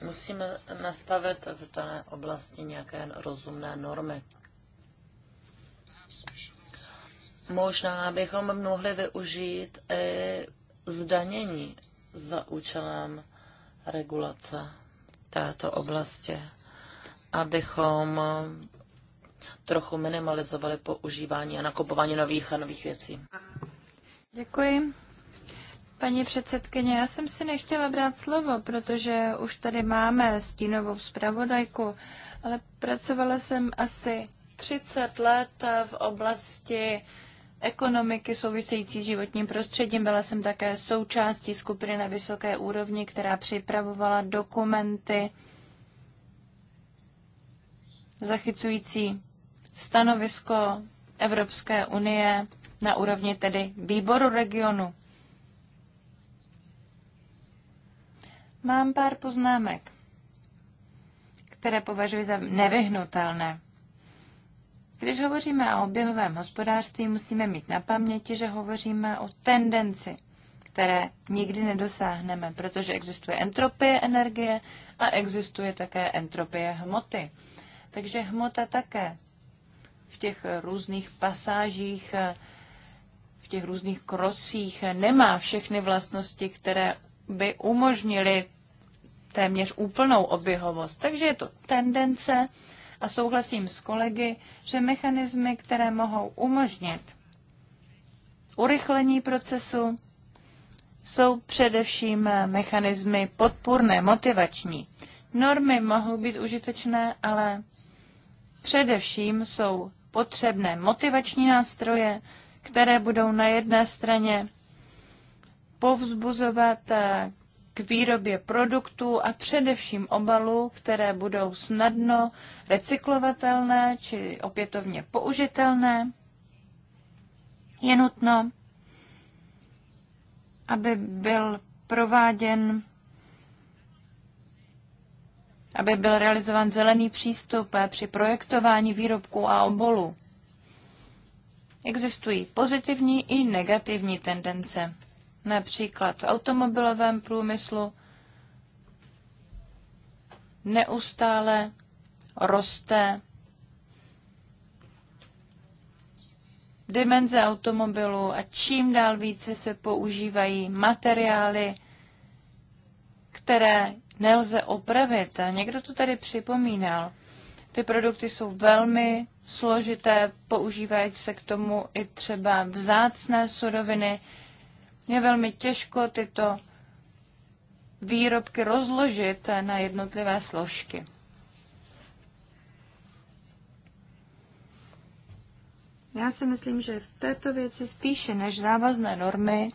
Musíme nastavit v dané oblasti nějaké rozumné normy. Možná bychom mohli využít i zdanění za účelem regulace této oblasti abychom trochu minimalizovali používání a nakupování nových a nových věcí. Děkuji. Paní předsedkyně, já jsem si nechtěla brát slovo, protože už tady máme stínovou zpravodajku, ale pracovala jsem asi 30 let v oblasti ekonomiky související s životním prostředím. Byla jsem také součástí skupiny na vysoké úrovni, která připravovala dokumenty zachycující stanovisko Evropské unie na úrovni tedy výboru regionu. Mám pár poznámek, které považuji za nevyhnutelné. Když hovoříme o oběhovém hospodářství, musíme mít na paměti, že hovoříme o tendenci, které nikdy nedosáhneme, protože existuje entropie energie a existuje také entropie hmoty. Takže hmota také v těch různých pasážích, v těch různých krocích nemá všechny vlastnosti, které by umožnily téměř úplnou oběhovost. Takže je to tendence a souhlasím s kolegy, že mechanismy, které mohou umožnit urychlení procesu, jsou především mechanismy podpůrné, motivační. Normy mohou být užitečné, ale Především jsou potřebné motivační nástroje, které budou na jedné straně povzbuzovat eh, k výrobě produktů a především obalů, které budou snadno recyklovatelné či opětovně použitelné. Je nutno, aby byl prováděn aby byl realizován zelený přístup eh, při projektování výrobků a obolu. Existují pozitivní i negativní tendence. Například v automobilovém průmyslu neustále roste dimenze automobilu a čím dál více se používají materiály, které nelze opravit. Někdo to tady připomínal. Ty produkty jsou velmi složité, používají se k tomu i třeba vzácné suroviny. Je velmi těžko tyto výrobky rozložit na jednotlivé složky. Já si myslím, že v této věci spíše než závazné normy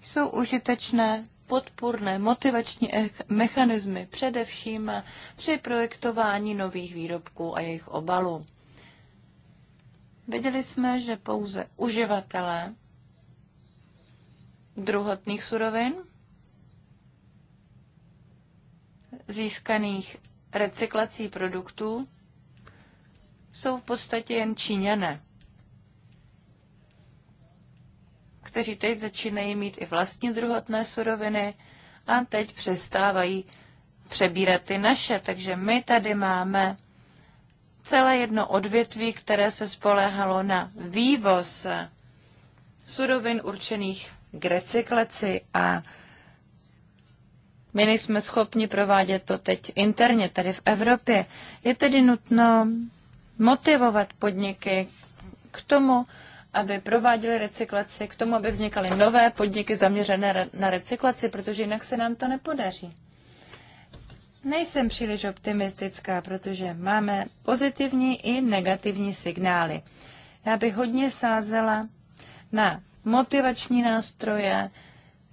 jsou užitečné podpůrné motivační mechanismy, především při projektování nových výrobků a jejich obalů. Viděli jsme, že pouze uživatelé druhotných surovin získaných recyklací produktů jsou v podstatě jen číňané. kteří teď začínají mít i vlastní druhotné suroviny a teď přestávají přebírat ty naše. Takže my tady máme celé jedno odvětví, které se spolehalo na vývoz surovin určených k recyklaci a my nejsme schopni provádět to teď interně tady v Evropě. Je tedy nutno motivovat podniky k tomu, aby prováděli recyklaci, k tomu, aby vznikaly nové podniky zaměřené na recyklaci, protože jinak se nám to nepodaří. Nejsem příliš optimistická, protože máme pozitivní i negativní signály. Já bych hodně sázela na motivační nástroje,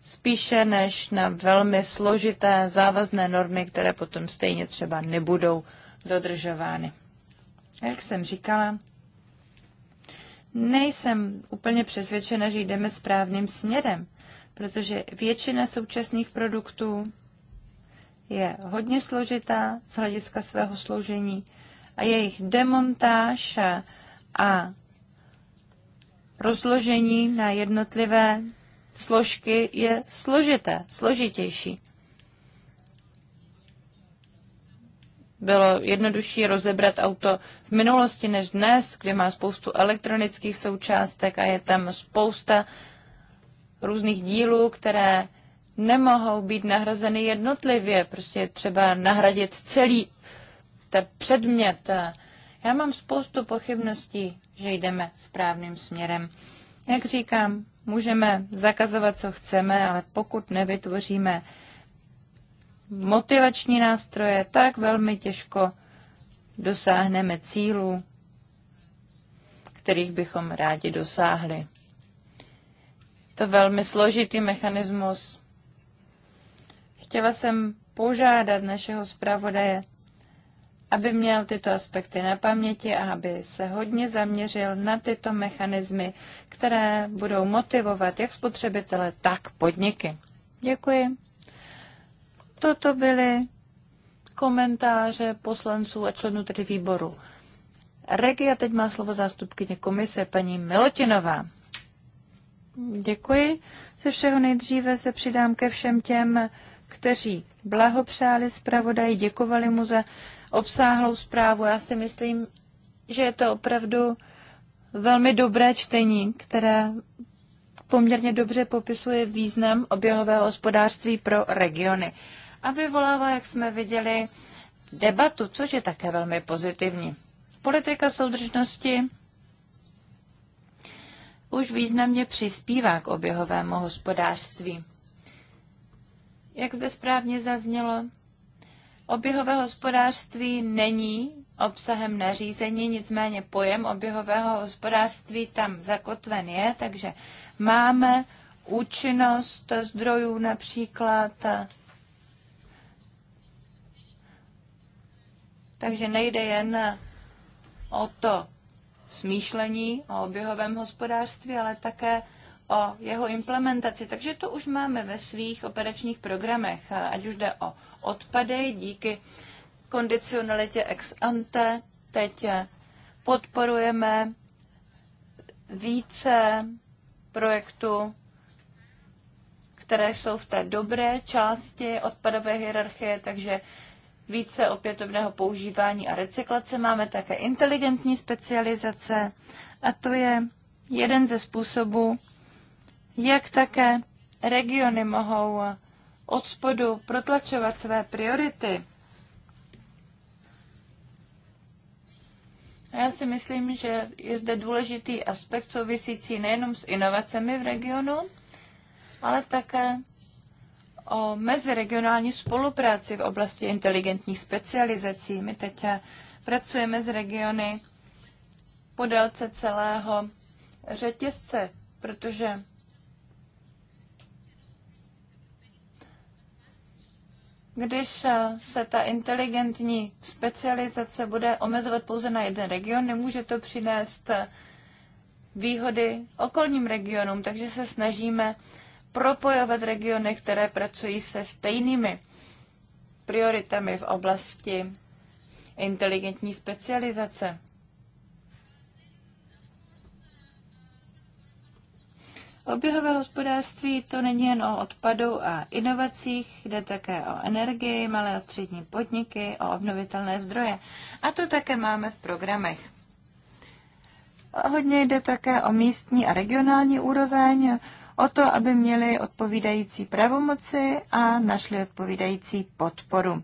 spíše než na velmi složité závazné normy, které potom stejně třeba nebudou dodržovány. Jak jsem říkala, nejsem úplně přesvědčena, že jdeme správným směrem, protože většina současných produktů je hodně složitá z hlediska svého složení a jejich demontáž a rozložení na jednotlivé složky je složité, složitější. bylo jednodušší rozebrat auto v minulosti než dnes, kde má spoustu elektronických součástek a je tam spousta různých dílů, které nemohou být nahrazeny jednotlivě. Prostě je třeba nahradit celý ten předmět. Já mám spoustu pochybností, že jdeme správným směrem. Jak říkám, můžeme zakazovat, co chceme, ale pokud nevytvoříme motivační nástroje, tak velmi těžko dosáhneme cílů, kterých bychom rádi dosáhli. To velmi složitý mechanismus. Chtěla jsem požádat našeho zpravodaje, aby měl tyto aspekty na paměti a aby se hodně zaměřil na tyto mechanismy, které budou motivovat jak spotřebitele, tak podniky. Děkuji. Toto byly komentáře poslanců a členů tedy výboru. Regia a teď má slovo zástupkyně komise, paní Milotinová. Děkuji. Ze všeho nejdříve se přidám ke všem těm, kteří blahopřáli zpravodaji, děkovali mu za obsáhlou zprávu. Já si myslím, že je to opravdu velmi dobré čtení, které poměrně dobře popisuje význam oběhového hospodářství pro regiony a vyvolává, jak jsme viděli, debatu, což je také velmi pozitivní. Politika soudržnosti už významně přispívá k oběhovému hospodářství. Jak zde správně zaznělo, oběhové hospodářství není obsahem nařízení, nicméně pojem oběhového hospodářství tam zakotven je, takže máme účinnost zdrojů například Takže nejde jen o to smýšlení o oběhovém hospodářství, ale také o jeho implementaci. Takže to už máme ve svých operačních programech, ať už jde o odpady díky kondicionalitě ex ante. Teď podporujeme více projektů, které jsou v té dobré části odpadové hierarchie, takže více opětovného používání a recyklace. Máme také inteligentní specializace a to je jeden ze způsobů, jak také regiony mohou od spodu protlačovat své priority. A já si myslím, že je zde důležitý aspekt souvisící nejenom s inovacemi v regionu, ale také o meziregionální spolupráci v oblasti inteligentních specializací. My teď pracujeme s regiony po délce celého řetězce, protože když se ta inteligentní specializace bude omezovat pouze na jeden region, nemůže to přinést výhody okolním regionům, takže se snažíme propojovat regiony, které pracují se stejnými prioritami v oblasti inteligentní specializace. Oběhové hospodářství to není jen o odpadu a inovacích, jde také o energii, malé a střední podniky, o obnovitelné zdroje. A to také máme v programech. Hodně jde také o místní a regionální úroveň, o to, aby měli odpovídající pravomoci a našli odpovídající podporu.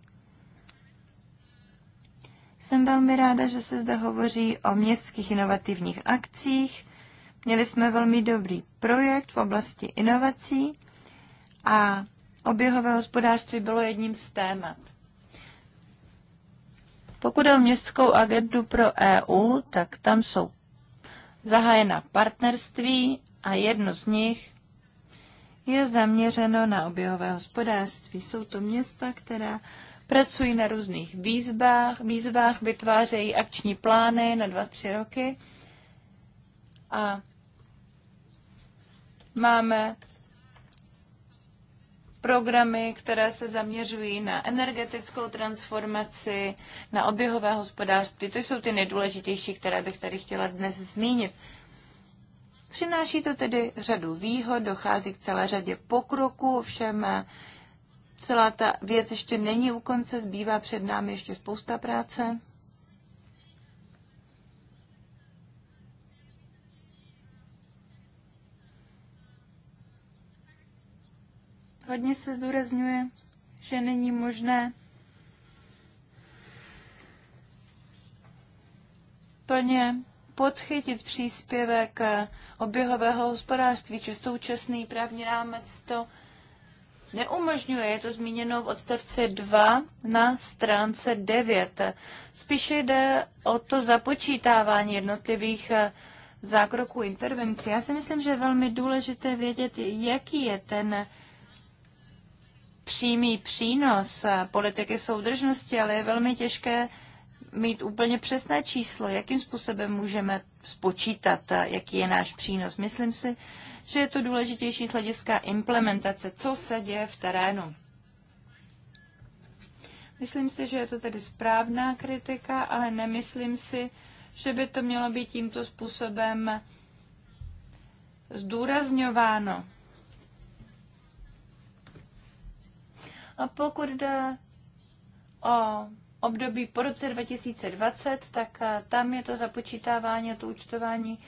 Jsem velmi ráda, že se zde hovoří o městských inovativních akcích. Měli jsme velmi dobrý projekt v oblasti inovací a oběhové hospodářství bylo jedním z témat. Pokud je o městskou agendu pro EU, tak tam jsou zahájena partnerství a jedno z nich je zaměřeno na oběhové hospodářství. Jsou to města, která pracují na různých výzvách, výzvách vytvářejí akční plány na dva tři roky a máme programy, které se zaměřují na energetickou transformaci, na oběhové hospodářství. To jsou ty nejdůležitější, které bych tady chtěla dnes zmínit. Přináší to tedy řadu výhod, dochází k celé řadě pokroků, ovšem eh, celá ta věc ještě není u konce, zbývá před námi ještě spousta práce. Hodně se zdůrazňuje, že není možné plně podchytit příspěvek eh, oběhového hospodářství, či současný právní rámec to neumožňuje. Je to zmíněno v odstavci 2 na stránce 9. Spíše jde o to započítávání jednotlivých eh, zákroků intervenci. Já si myslím, že je velmi důležité vědět, jaký je ten přímý přínos eh, politiky soudržnosti, ale je velmi těžké mít úplně přesné číslo, jakým způsobem můžeme spočítat, eh, jaký je náš přínos. Myslím si, že je to důležitější z hlediska implementace, co se děje v terénu. Myslím si, že je to tedy správná kritika, ale nemyslím si, že by to mělo být tímto způsobem zdůrazňováno. A pokud jde o období po roce 2020, tak eh, tam je to započítávání a to účtování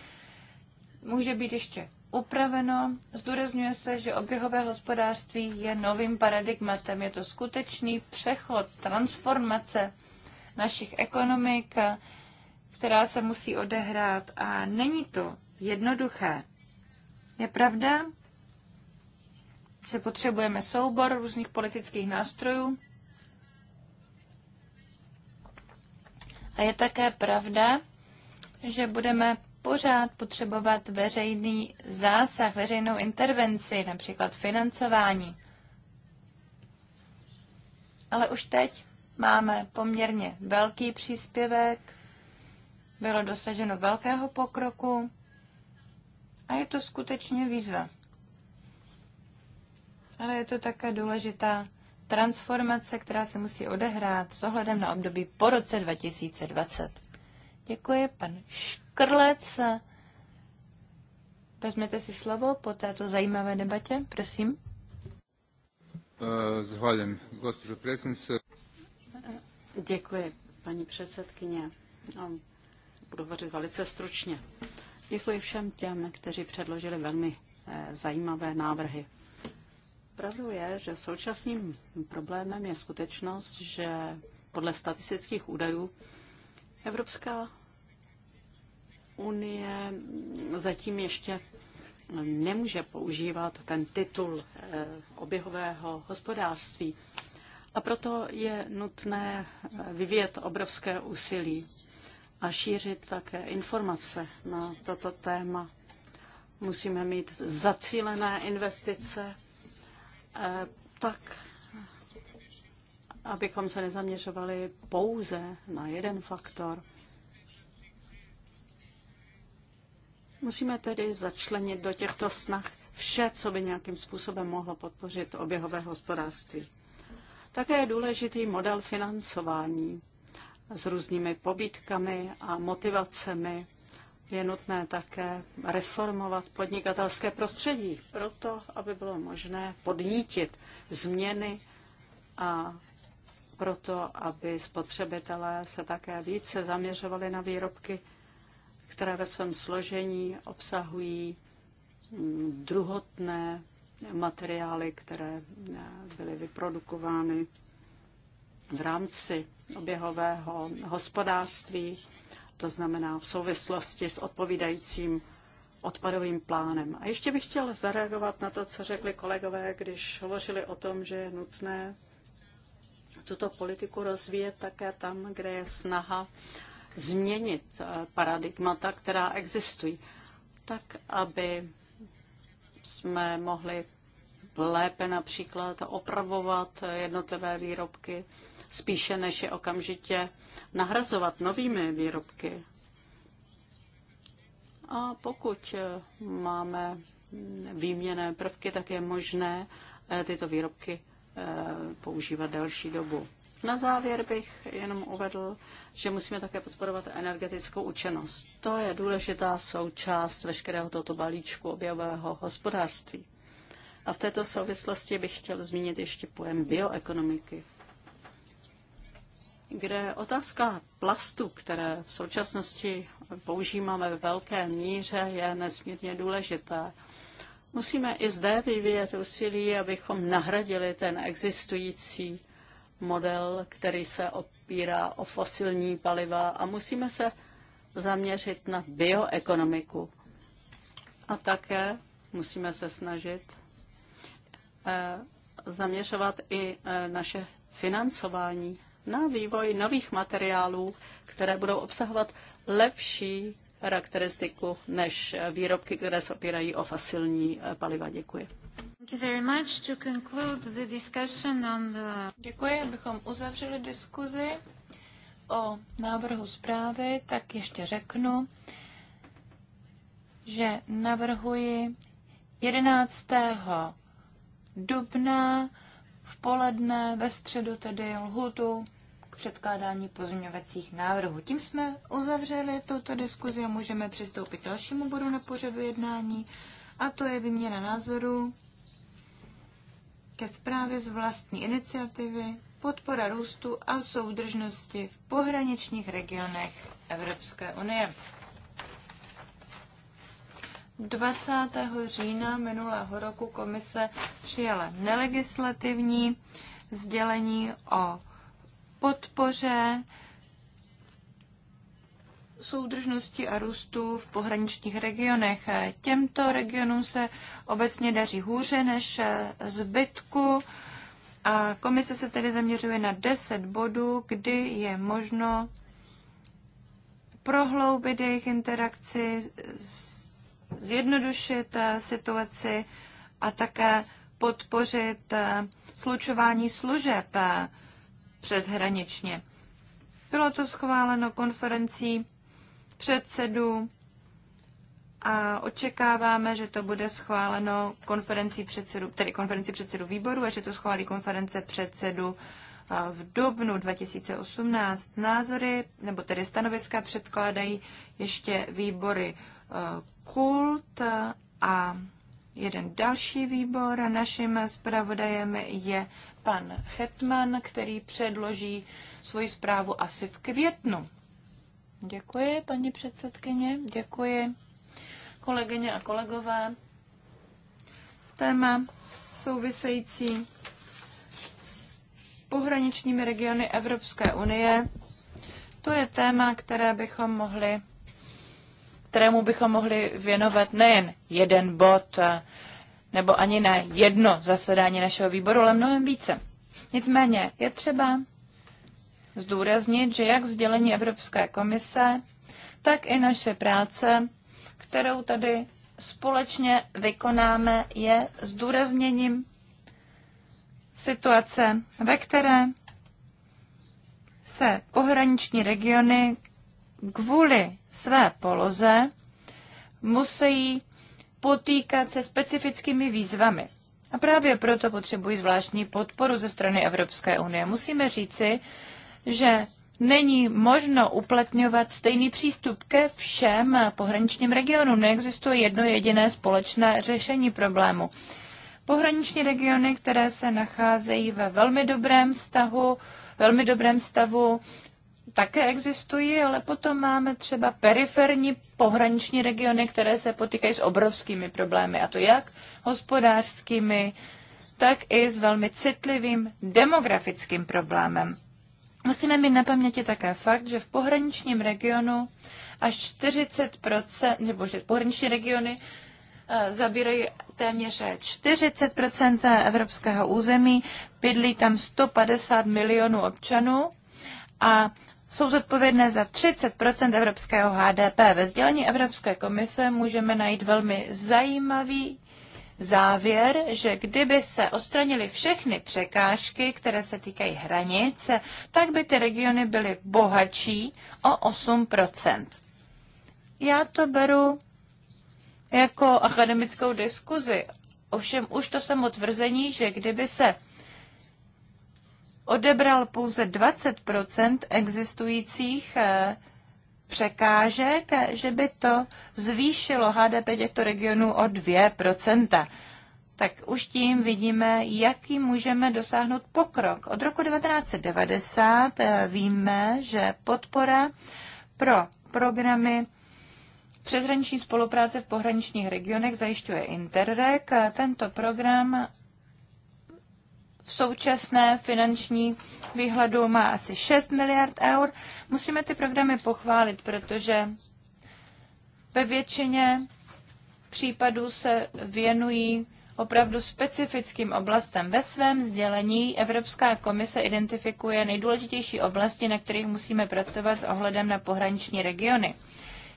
může být ještě upraveno. Zdůrazňuje se, že oběhové hospodářství je novým paradigmatem. Je to skutečný přechod, transformace našich ekonomik, která se musí odehrát. A není to jednoduché. Je pravda, že potřebujeme soubor různých politických nástrojů, A je také pravda, že budeme pořád potřebovat veřejný zásah, veřejnou intervenci, například financování. Ale už teď máme poměrně velký příspěvek, bylo dosaženo velkého pokroku a je to skutečně výzva. Ale je to také důležitá transformace, která se musí odehrát s ohledem na období po roce 2020. Děkuji, pan Škrlec. Vezměte si slovo po této zajímavé debatě, prosím. Eh, zahvaljujem, gospođo predsjednice. Děkuji, paní předsedkyně. No, budu hovořit velice stručně. Děkuji všem těm, kteří předložili velmi eh, zajímavé návrhy. Pravdou je, že současným problémem je skutečnost, že podle statistických údajů Evropská unie zatím ještě nemůže používat ten titul eh, oběhového hospodářství. A proto je nutné eh, vyvíjet obrovské úsilí a šířit také informace na toto téma. Musíme mít zacílené investice Eh, tak abychom se nezaměřovali pouze na jeden faktor. Musíme tedy začlenit do těchto snah vše, co by nějakým způsobem mohlo podpořit oběhové hospodářství. Také je důležitý model financování s různými pobítkami a motivacemi je nutné také reformovat podnikatelské prostředí, proto aby bylo možné podnítit změny a proto, aby spotřebitelé se také více zaměřovali na výrobky, které ve svém složení obsahují mm, druhotné materiály, které eh, byly vyprodukovány v rámci oběhového hospodářství to znamená v souvislosti s odpovídajícím odpadovým plánem. A ještě bych chtěl zareagovat na to, co řekli kolegové, když hovořili o tom, že je nutné tuto politiku rozvíjet také tam, kde je snaha změnit eh, paradigmata, která existují, tak, aby jsme mohli lépe například opravovat jednotlivé výrobky, spíše než je okamžitě nahrazovat novými výrobky. A pokud eh, máme výměné prvky, tak je možné eh, tyto výrobky eh, používat delší dobu. Na závěr bych jenom uvedl, že musíme také podporovat energetickou účinnost. To je důležitá součást veškerého tohoto balíčku objevového hospodářství. A v této souvislosti bych chtěl zmínit ještě pojem bioekonomiky kde otázka plastu, které v současnosti používáme ve velké míře, je nesmírně důležitá. Musíme i zde vyvíjet úsilí, abychom nahradili ten existující model, který se opírá o fosilní paliva a musíme se zaměřit na bioekonomiku. A také musíme se snažit eh, zaměřovat i eh, naše financování na vývoj nových materiálů, které budou obsahovat lepší charakteristiku než výrobky, které se opírají o fosilní eh, paliva. Děkuji. Děkuji, abychom uzavřeli diskuzi o návrhu zprávy, tak ještě řeknu, že navrhuji 11. dubna v poledne, ve středu tedy lhutu k předkládání pozměňovacích návrhů. Tím jsme uzavřeli tuto diskuzi a můžeme přistoupit k dalšímu bodu na pořadu jednání a to je výměna názoru ke zprávě z vlastní iniciativy podpora růstu a soudržnosti v pohraničních regionech Evropské unie. 20. října minulého roku komise přijala nelegislativní sdělení o podpoře soudržnosti a růstu v pohraničních regionech. Těmto regionům se obecně daří hůře než zbytku. A komise se tedy zaměřuje na 10 bodů, kdy je možno prohloubit jejich interakci s zjednodušit eh, situaci a také podpořit eh, slučování služeb eh, přeshraničně. Bylo to schváleno konferencí předsedů a očekáváme, že to bude schváleno konferencí předsedů, tedy konferenci předsedů výboru a že to schválí konference předsedů v dubnu 2018. Názory, nebo tedy stanoviska předkládají ještě výbory kult a jeden další výbor. našim zpravodajem je pan Hetman, který předloží svoji zprávu asi v květnu. Děkuji, paní předsedkyně, děkuji, kolegyně a kolegové. Téma související s pohraničními regiony Evropské unie. To je téma, které bychom mohli kterému bychom mohli věnovat nejen jeden bod, eh, nebo ani ne jedno zasedání našeho výboru, ale mnohem více. Nicméně je třeba zdůraznit, že jak sdělení Evropské komise, tak i naše práce, kterou tady společně vykonáme, je zdůrazněním situace, ve které se pohraniční regiony kvůli své poloze, musí potýkat se specifickými výzvami. A právě proto potřebují zvláštní podporu ze strany Evropské unie. Musíme říci, že není možno uplatňovat stejný přístup ke všem pohraničním regionům. Neexistuje jedno jediné společné řešení problému. Pohraniční regiony, které se nacházejí ve velmi dobrém vztahu, velmi dobrém stavu, také existují, ale potom máme třeba periferní pohraniční regiony, které se potýkají s obrovskými problémy, a to jak hospodářskými, tak i s velmi citlivým demografickým problémem. Musíme mít na paměti také fakt, že v pohraničním regionu až 40%, nebo že pohraniční regiony eh, zabírají téměř 40 evropského území, bydlí tam 150 milionů občanů a jsou zodpovědné za 30 evropského HDP. Ve sdělení Evropské komise můžeme najít velmi zajímavý závěr, že kdyby se odstranily všechny překážky, které se týkají hranic, tak by ty regiony byly bohatší o 8 Já to beru jako akademickou diskuzi. Ovšem už to samo tvrzení, že kdyby se odebral pouze 20 existujících eh, překážek, že by to zvýšilo HDP těchto regionů o 2 tak už tím vidíme, jaký můžeme dosáhnout pokrok. Od roku 1990 eh, víme, že podpora pro programy přeshraniční spolupráce v pohraničních regionech zajišťuje Interreg. Tento program v současné finanční výhledu má asi 6 miliard eur. Musíme ty programy pochválit, protože ve většině případů se věnují opravdu specifickým oblastem. Ve svém sdělení Evropská komise identifikuje nejdůležitější oblasti, na kterých musíme pracovat s ohledem na pohraniční regiony.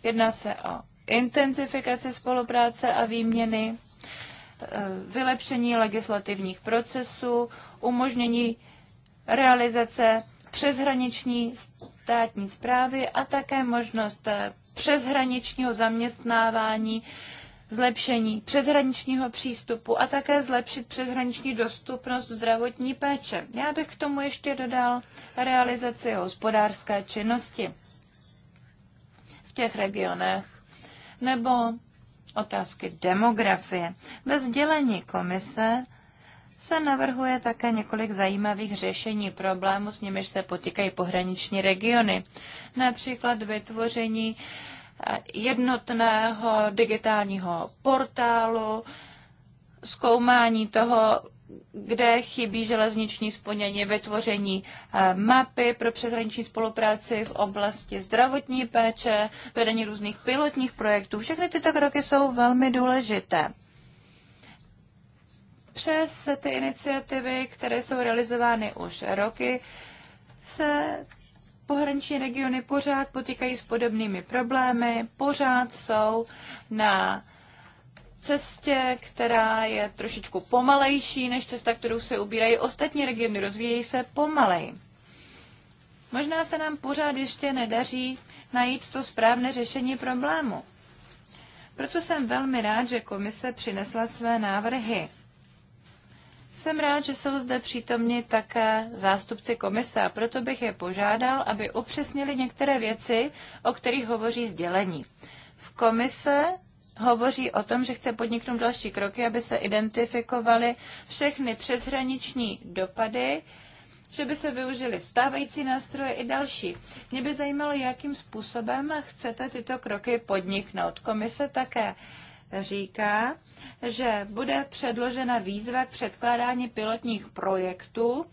Jedná se o intenzifikaci spolupráce a výměny Eh, vylepšení legislativních procesů, umožnění realizace přeshraniční státní zprávy a také možnost eh, přeshraničního zaměstnávání, zlepšení přeshraničního přístupu a také zlepšit přeshraniční dostupnost zdravotní péče. Já bych k tomu ještě dodal realizaci hospodářské činnosti v těch regionech nebo otázky demografie. Ve sdělení komise se navrhuje také několik zajímavých řešení problémů, s nimiž se potýkají pohraniční regiony. Například vytvoření eh, jednotného digitálního portálu, zkoumání toho, kde chybí železniční splnění, vytvoření eh, mapy pro přeshraniční spolupráci v oblasti zdravotní péče, vedení různých pilotních projektů. Všechny tyto kroky jsou velmi důležité. Přes ty iniciativy, které jsou realizovány už roky, se pohraniční regiony pořád potýkají s podobnými problémy, pořád jsou na cestě, která je trošičku pomalejší než cesta, kterou se ubírají ostatní regiony, rozvíjejí se pomaleji. Možná se nám pořád ještě nedaří najít to správné řešení problému. Proto jsem velmi rád, že komise přinesla své návrhy. Jsem rád, že jsou zde přítomni také zástupci komise a proto bych je požádal, aby upřesnili některé věci, o kterých hovoří sdělení. V komise hovoří o tom, že chce podniknout další kroky, aby se identifikovaly všechny přeshraniční dopady, že by se využili stávající nástroje i další. Mě by zajímalo, jakým způsobem chcete tyto kroky podniknout. Komise také říká, že bude předložena výzva k předkládání pilotních projektů,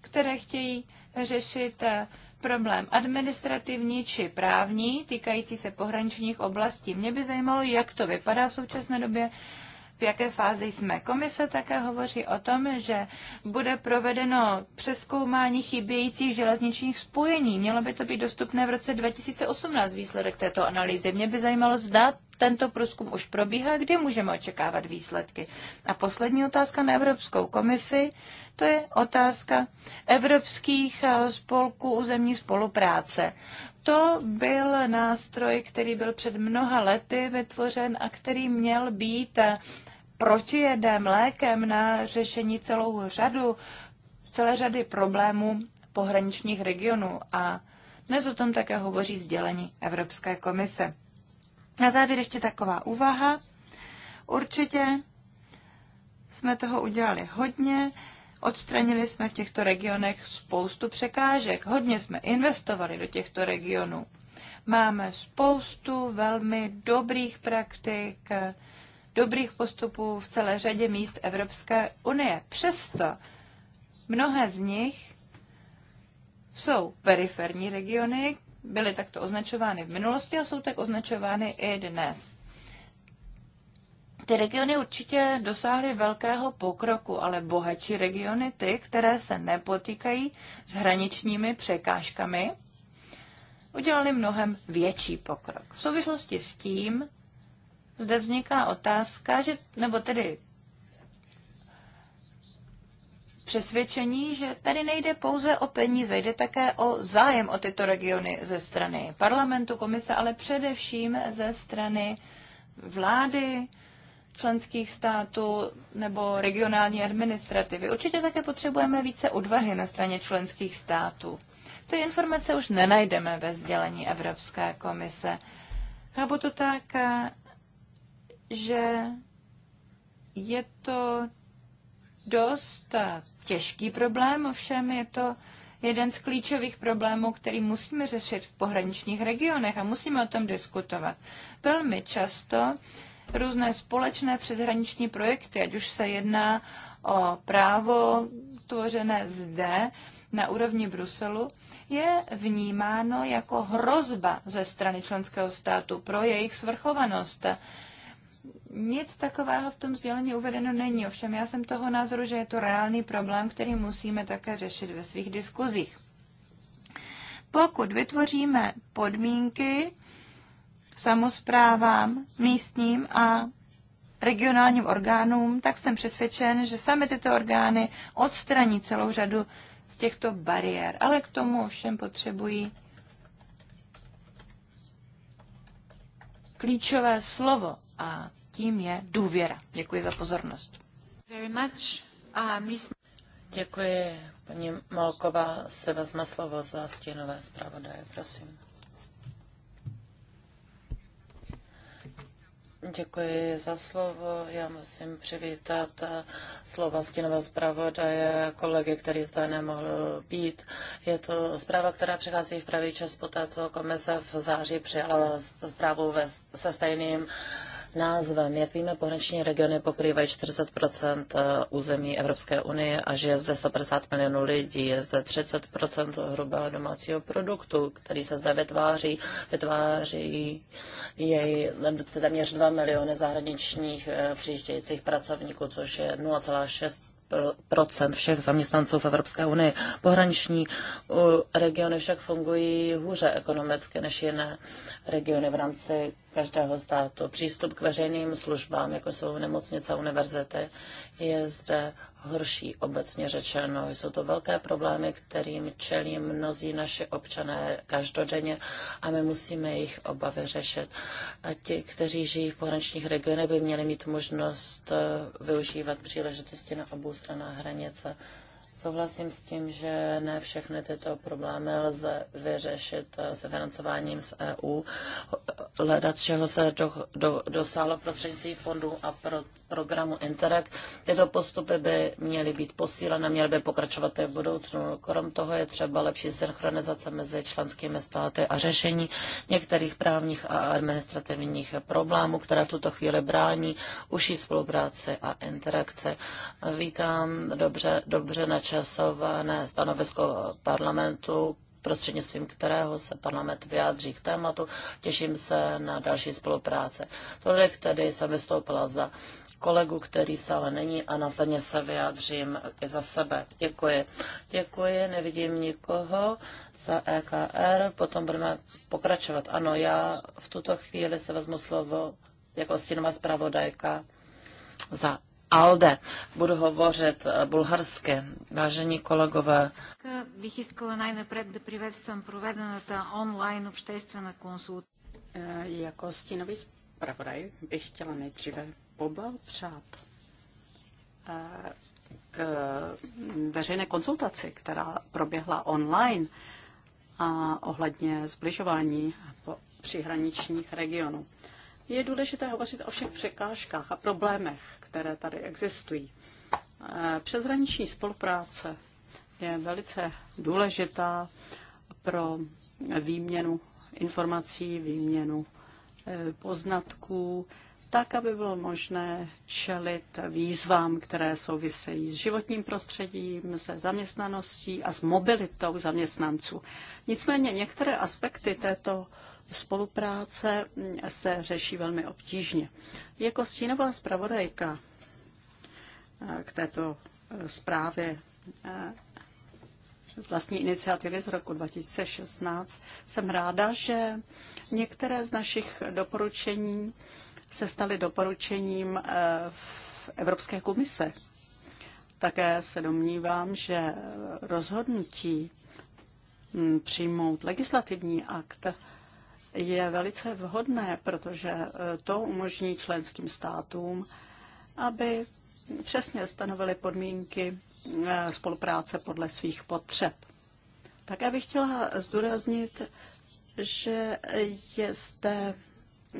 které chtějí řešit eh, problém administrativní či právní týkající se pohraničních oblastí. Mě by zajímalo, jak to vypadá v současné době, v jaké fázi jsme. Komise také hovoří o tom, že bude provedeno přeskoumání chybějících železničních spojení. Mělo by to být dostupné v roce 2018 výsledek této analýzy. Mě by zajímalo, zda tento průzkum už probíhá, kdy můžeme očekávat výsledky. A poslední otázka na Evropskou komisi, to je otázka evropských eh, spolků územní spolupráce. To byl nástroj, který byl před mnoha lety vytvořen a který měl být eh, protijedem, lékem na řešení celou řadu, celé řady problémů pohraničních regionů. A dnes o tom také hovoří sdělení Evropské komise. Na závěr ještě taková úvaha. Určitě jsme toho udělali hodně. Odstranili jsme v těchto regionech spoustu překážek. Hodně jsme investovali do těchto regionů. Máme spoustu velmi dobrých praktik, dobrých postupů v celé řadě míst Evropské unie. Přesto mnohé z nich jsou periferní regiony, byly takto označovány v minulosti a jsou tak označovány i dnes. Ty regiony určitě dosáhly velkého pokroku, ale bohatší regiony, ty, které se nepotýkají s hraničními překážkami, udělali mnohem větší pokrok. V souvislosti s tím zde vzniká otázka, že, nebo tedy přesvědčení, že tady nejde pouze o peníze, jde také o zájem o tyto regiony ze strany parlamentu, komise, ale především ze strany vlády, členských států nebo regionální administrativy. Určitě také potřebujeme více odvahy na straně členských států. Ty informace už nenajdeme ve sdělení Evropské komise. Chápu to tak, že je to dost těžký problém, ovšem je to jeden z klíčových problémů, který musíme řešit v pohraničních regionech a musíme o tom diskutovat. Velmi často různé společné přeshraniční projekty, ať už se jedná o právo tvořené zde na úrovni Bruselu, je vnímáno jako hrozba ze strany členského státu pro jejich svrchovanost. Nic takového v tom sdělení uvedeno není, ovšem já jsem toho názoru, že je to reálný problém, který musíme také řešit ve svých diskuzích. Pokud vytvoříme podmínky samozprávám, místním a regionálním orgánům, tak jsem přesvědčen, že sami tyto orgány odstraní celou řadu z těchto bariér. Ale k tomu ovšem potřebují klíčové slovo a tím je důvěra. Děkuji za pozornost. Very much. Děkuji. Paní Molková se vezme slovo za stěnové zpravodaje, prosím. Děkuji za slovo. Já musím přivítat eh, slova stínového zpravodaje kolegy, který zde nemohl být. Je to zpráva, která přichází v pravý čas poté, co komise v září přijala zprávu ve, se stejným uh, názvem. Jak víme, pohraniční regiony pokrývají 40 eh, území Evropské unie a žije zde 150 milionů lidí. Je zde 30 hrubého domácího produktu, který se zde vytváří. Vytváří jej téměř 2 miliony zahraničních eh, přijíždějících pracovníků, což je 0,6 procent všech zaměstnanců v Evropské unii. Pohraniční eh, regiony však fungují hůře ekonomicky než jiné regiony v rámci každého státu. Přístup k veřejným službám, jako jsou nemocnice a univerzity, je zde horší, obecně řečeno. Jsou to velké problémy, kterým čelí mnozí naši občané každodenně a my musíme jejich obavy řešit. A ti, kteří žijí v pohraničních regionech, by měli mít možnost eh, využívat příležitosti na obou stranách hranice. Souhlasím s tím, že ne všechny tyto problémy lze vyřešit eh, s financováním z EU. Hledat, čeho se do, do, dosáhlo prostřednictvím fondů a pro, programu Interreg. Tyto postupy by měly být posíleny, měly by pokračovat i v budoucnu. Krom toho je třeba lepší synchronizace mezi členskými státy a řešení některých právních a administrativních problémů, které v tuto chvíli brání užší spolupráci a interakce. Vítám dobře, dobře načinu načasované stanovisko parlamentu, prostřednictvím kterého se parlament vyjádří k tématu. Těším se na další spolupráce. Tolik tedy jsem vystoupila za kolegu, který v sále není a následně se vyjádřím i za sebe. Děkuji. Děkuji, nevidím nikoho za EKR, potom budeme pokračovat. Ano, já v tuto chvíli se vezmu slovo jako stínová zpravodajka za ALDE. Budu hovořit eh, bulharsky. Vážení kolegové. Bych chtěla най-напред да online проведената онлайн обществена Jako stínový zpravodaj bych chtěla nejdříve poblahopřát eh, k veřejné konzultaci, která proběhla online a ohledně zbližování přihraničních regionů. Je důležité hovořit o všech překážkách a problémech, které tady existují. Eh, přeshraniční spolupráce je velice důležitá pro výměnu informací, výměnu eh, poznatků, tak, aby bylo možné čelit výzvám, které souvisejí s životním prostředím, se zaměstnaností a s mobilitou zaměstnanců. Nicméně některé aspekty této spolupráce mm, se řeší velmi obtížně. Jako stínová zpravodajka eh, k této eh, zprávě eh, z vlastní iniciativy z roku 2016 jsem ráda, že některé z našich doporučení se staly doporučením v Evropské komise. Také se domnívám, že rozhodnutí mm, přijmout legislativní akt je velice vhodné, protože eh, to umožní členským státům, aby přesně stanovili podmínky eh, spolupráce podle svých potřeb. Také bych chtěla zdůraznit, že je zde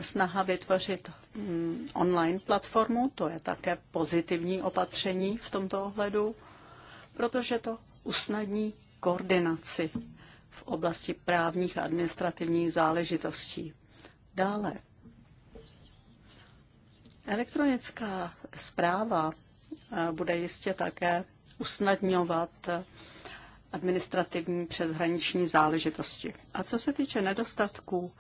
snaha vytvořit hm, online platformu, to je také pozitivní opatření v tomto ohledu, protože to usnadní koordinaci v oblasti právních a administrativních záležitostí. Dále. Elektronická zpráva eh, bude jistě také usnadňovat eh, administrativní přeshraniční záležitosti. A co se týče nedostatků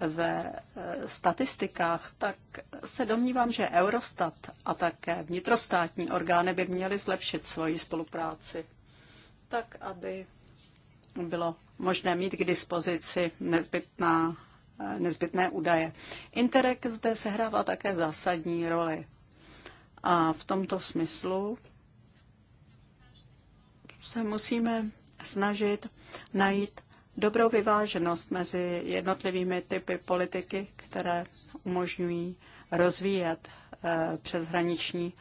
ve eh, statistikách, tak se domnívám, že Eurostat a také vnitrostátní orgány by měly zlepšit svoji spolupráci tak, aby bylo možné mít k dispozici nezbytná, eh, nezbytné údaje. Interreg zde sehrává také zásadní roli. A v tomto smyslu se musíme snažit najít dobrou vyváženost mezi jednotlivými typy politiky, které umožňují rozvíjet eh, přeshraniční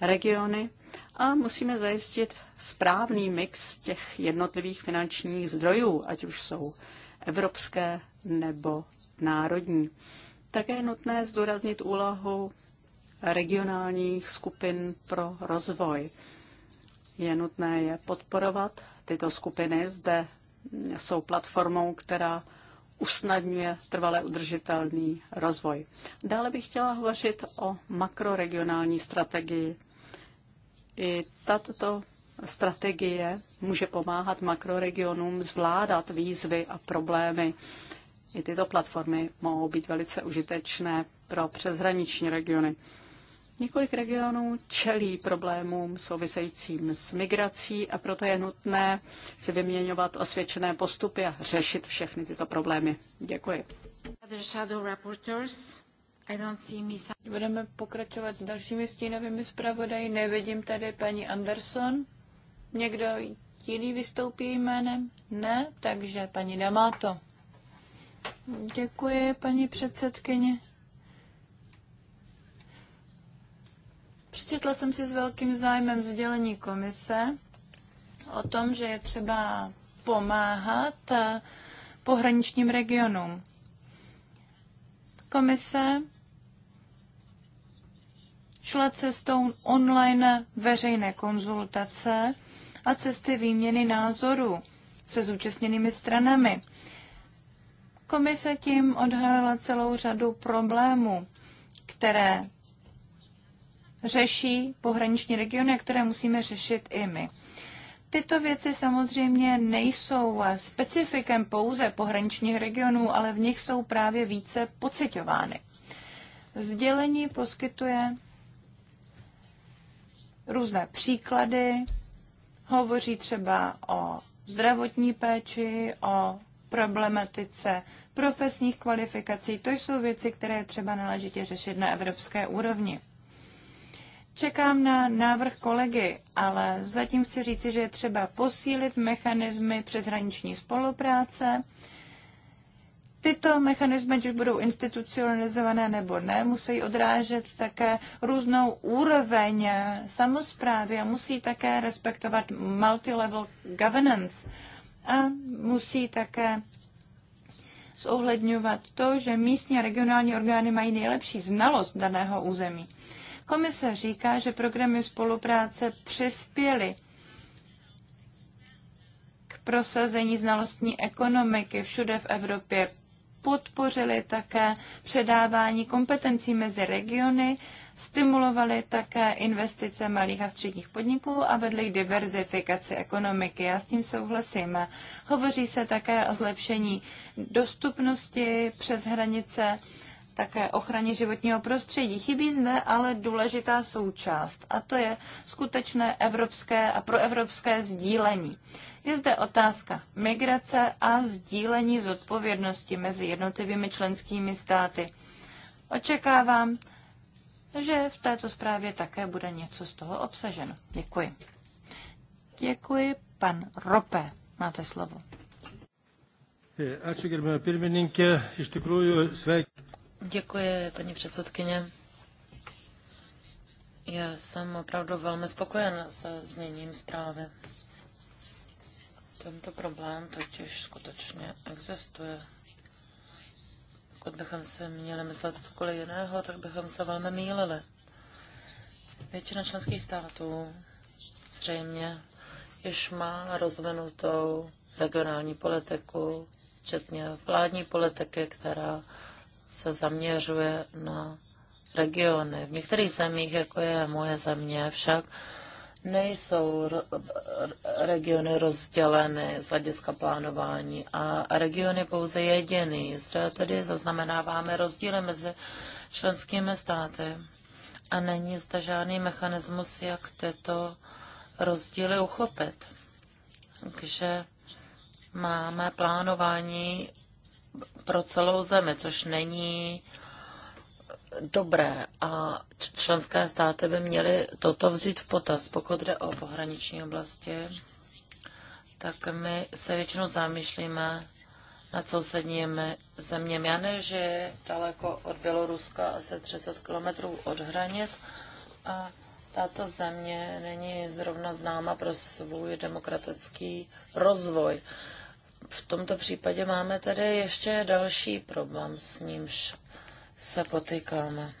regiony a musíme zajistit správný mix těch jednotlivých finančních zdrojů, ať už jsou evropské nebo národní. Také je nutné zdůraznit úlohu regionálních skupin pro rozvoj. Je nutné je podporovat. Tyto skupiny zde jsou platformou, která usnadňuje trvale udržitelný rozvoj. Dále bych chtěla hovořit o makroregionální strategii i tato strategie může pomáhat makroregionům zvládat výzvy a problémy. I tyto platformy mohou být velice užitečné pro přeshraniční regiony. Několik regionů čelí problémům souvisejícím s migrací a proto je nutné si vyměňovat osvědčené postupy a řešit všechny tyto problémy. Děkuji. Other shadow rapporteurs. Budeme pokračovat s dalšími stínovými zpravodaji. Nevidím tady paní Anderson. Někdo jiný vystoupí jménem? Ne, takže paní Damato. Děkuji, paní předsedkyně. Přečetla jsem si s velkým zájmem sdělení komise o tom, že je třeba pomáhat eh, pohraničním regionům. Komise šla cestou online veřejné konzultace a cesty výměny názorů se zúčastněnými stranami. Komise tím odhalila celou řadu problémů, které řeší pohraniční regiony a které musíme řešit i my. Tyto věci samozřejmě nejsou specifikem pouze pohraničních regionů, ale v nich jsou právě více pocitovány. Sdělení poskytuje různé příklady. Hovoří třeba o zdravotní péči, o problematice profesních kvalifikací. To jsou věci, které je třeba náležitě řešit na evropské úrovni. Čekám na návrh kolegy, ale zatím chci říci, že je třeba posílit mechanismy přeshraniční spolupráce Tyto mechanismy, když budou institucionalizované nebo ne, musí odrážet také různou úroveň samozprávy a musí také respektovat multilevel governance a musí také zohledňovat to, že místní a regionální orgány mají nejlepší znalost daného území. Komise říká, že programy spolupráce přispěly prosazení znalostní ekonomiky všude v Evropě podpořili také předávání kompetencí mezi regiony, stimulovali také investice malých a středních podniků a vedli k diverzifikaci ekonomiky. Já s tím souhlasím. Hovoří se také o zlepšení dostupnosti přes hranice také ochraně životního prostředí. Chybí zde ale důležitá součást a to je skutečné evropské a proevropské sdílení. Je zde otázka migrace a sdílení zodpovědnosti mezi jednotlivými členskými státy. Očekávám, že v této zprávě také bude něco z toho obsaženo. Děkuji. Děkuji, pan Rope. Máte slovo. Ačiū, gerbėme pirmininkė. Iš tikrųjų, sveik... Děkuji, paní předsedkyně. Já jsem opravdu velmi spokojen se zněním zprávy. Tento problém totiž skutečně existuje. Pokud bychom se měli myslet cokoliv jiného, tak bychom se velmi mýlili. Většina členských států zřejmě již má rozvinutou regionální politiku, včetně vládní politiky, která se zaměřuje na regiony. V některých zemích, jako je moje země, však nejsou regiony rozděleny z hlediska plánování a regiony pouze jediný. Zde tedy zaznamenáváme rozdíly mezi členskými státy a není zde žádný mechanismus, jak tyto rozdíly uchopit. Takže máme plánování pro celou zemi, což není dobré a členské státy by měly toto vzít v potaz. Pokud jde o pohraniční oblasti, tak my se většinou zamýšlíme nad sousedními zeměmi. Já ne, že je daleko od Běloruska asi 30 kilometrů od hranic a tato země není zrovna známa pro svůj demokratický rozvoj v tomto případě máme tady ještě další problém, s nímž se potýkáme.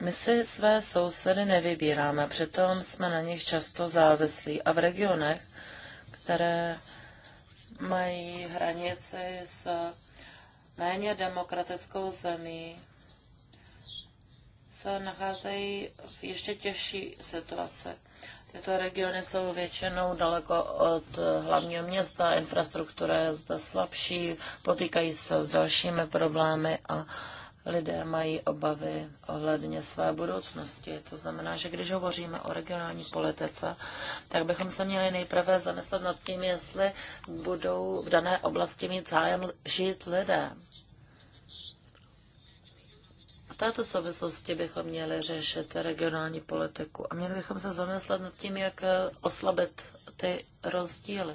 My si své sousedy nevybíráme, přitom jsme na nich často závislí. A v regionech, které mají hranici s méně demokratickou zemí, se nacházejí v ještě těžší situaci. Tyto regiony jsou většinou daleko od hlavního města, infrastruktura je zde slabší, potýkají se s dalšími problémy a lidé mají obavy ohledně své budoucnosti. To znamená, že když hovoříme o regionální politice, tak bychom se měli nejprve zamyslet nad tím, jestli budou v dané oblasti mít zájem žít lidé této souvislosti bychom měli řešit regionální politiku a měli bychom se zamyslet nad tím, jak eh, oslabit ty rozdíly.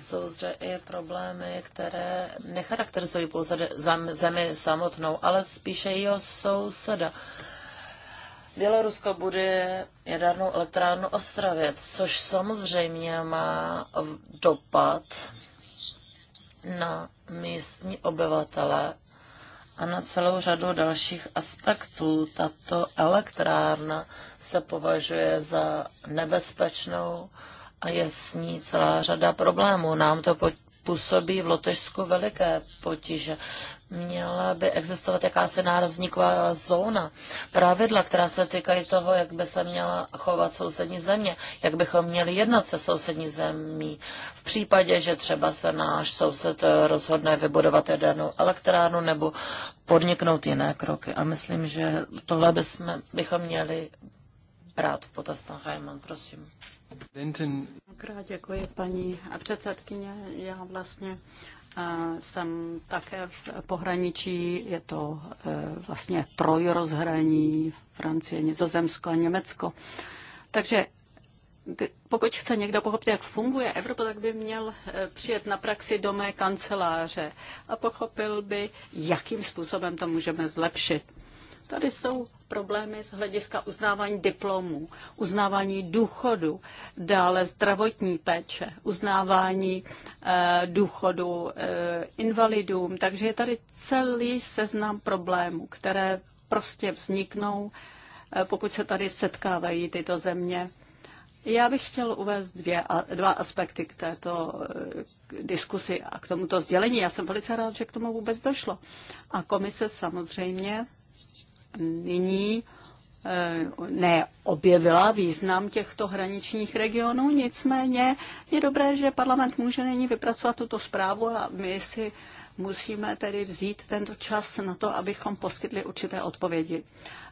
Jsou zde i problémy, které necharakterizují pouze zemi samotnou, ale spíše jeho souseda. Bělorusko bude jadernou elektrárnu Ostravěc, což samozřejmě má dopad na místní obyvatele a na celou řadu dalších aspektů. Tato elektrárna se považuje za nebezpečnou a je s ní celá řada problémů. Nám to působí v Lotyšsku veliké potíže měla by existovat jakási nárazníková zóna, pravidla, která se týkají toho, jak by se měla chovat sousední země, jak bychom měli jednat se sousední zemí. V případě, že třeba se náš soused rozhodne vybudovat jedenou elektrárnu nebo podniknout jiné kroky. A myslím, že tohle bychom, bychom měli brát v potaz, pan Heimann, prosím. Krát děkuji, paní a předsedkyně. Já vlastně jsem také v pohraničí, je to e, vlastně trojrozhraní Francie, Nizozemsko a Německo. Takže pokud chce někdo pochopit, jak funguje Evropa, tak by měl e, přijet na praxi do mé kanceláře a pochopil by, jakým způsobem to můžeme zlepšit. Tady jsou problémy z hlediska uznávání diplomů, uznávání důchodu, dále zdravotní péče, uznávání eh, důchodu eh, invalidům. Takže je tady celý seznam problémů, které prostě vzniknou, eh, pokud se tady setkávají tyto země. Já bych chtěl uvést dvě, dva aspekty k této eh, diskusi a k tomuto sdělení. Já jsem velice rád, že k tomu vůbec došlo. A komise samozřejmě nyní eh, neobjevila význam těchto hraničních regionů, nicméně je dobré, že parlament může nyní vypracovat tuto zprávu a my si musíme tedy vzít tento čas na to, abychom poskytli určité odpovědi.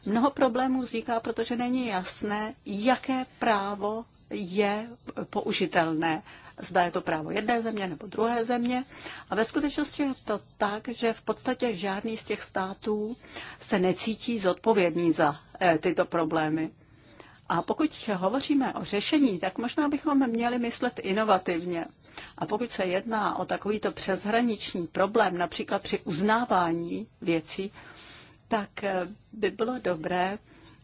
Mnoho problémů vzniká, protože není jasné, jaké právo je použitelné zda je to právo jedné země nebo druhé země. A ve skutečnosti je to tak, že v podstatě žádný z těch států se necítí zodpovědný za eh, tyto problémy. A pokud hovoříme o řešení, tak možná bychom měli myslet inovativně. A pokud se jedná o takovýto přeshraniční problém, například při uznávání věcí, tak eh, by bylo dobré,